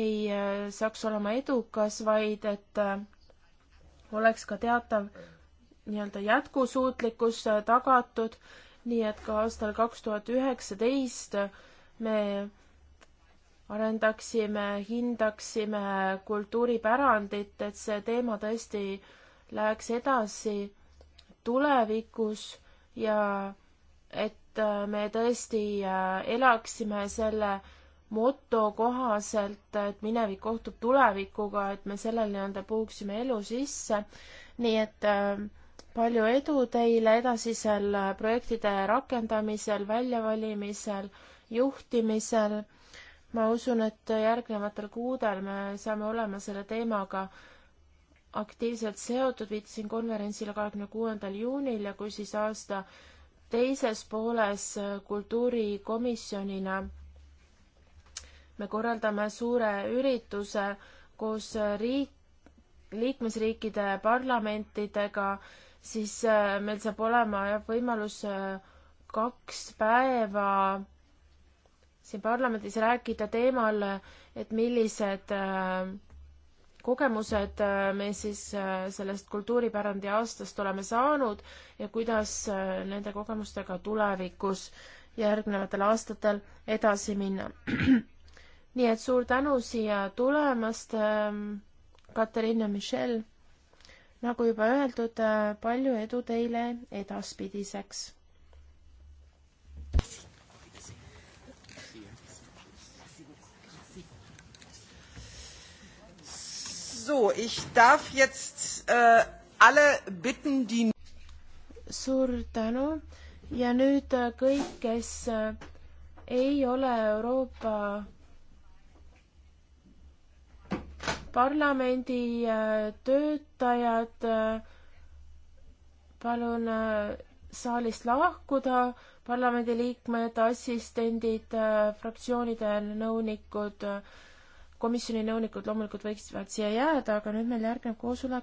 [SPEAKER 3] ei äh, saaks olema edukas, vaid et äh, oleks ka teatav nii-öelda jätkusuutlikkus tagatud, nii et ka aastal kaks tuhat üheksateist me arendaksime, hindaksime kultuuripärandit, et see teema tõesti läheks edasi tulevikus ja et äh, me tõesti äh, elaksime selle moto kohaselt, et minevik kohtub tulevikuga, et me selle nii-öelda puhuksime elu sisse. nii et äh, palju edu teile edasisel projektide rakendamisel, väljavalimisel, juhtimisel ma usun, et järgnevatel kuudel me saame olema selle teemaga aktiivselt seotud, viitasin konverentsile kahekümne kuuendal juunil ja kui siis aasta teises pooles kultuurikomisjonina me korraldame suure ürituse koos riik, liikmesriikide parlamentidega, siis äh, meil saab olema jah, võimalus äh, kaks päeva siin parlamendis rääkida teemal, et millised äh, kogemused äh, me siis äh, sellest kultuuripärandi aastast oleme saanud ja kuidas nende kogemustega tulevikus järgnevatel aastatel edasi minna. [clears throat] nii et suur tänu siia tulemast, ähm, Katariin ja Michelle. nagu juba öeldud, palju edu teile edaspidiseks! So, ich darf jetzt äh, alle bitten, die... suur tänu ja nüüd äh, kõik, kes äh, ei ole Euroopa Parlamendi äh, töötajad, palun saalist lahkuda, parlamendiliikmed, assistendid, fraktsioonide nõunikud komisjoni nõunikud loomulikult võiksid siia jääda, aga nüüd meil järgneb koosolek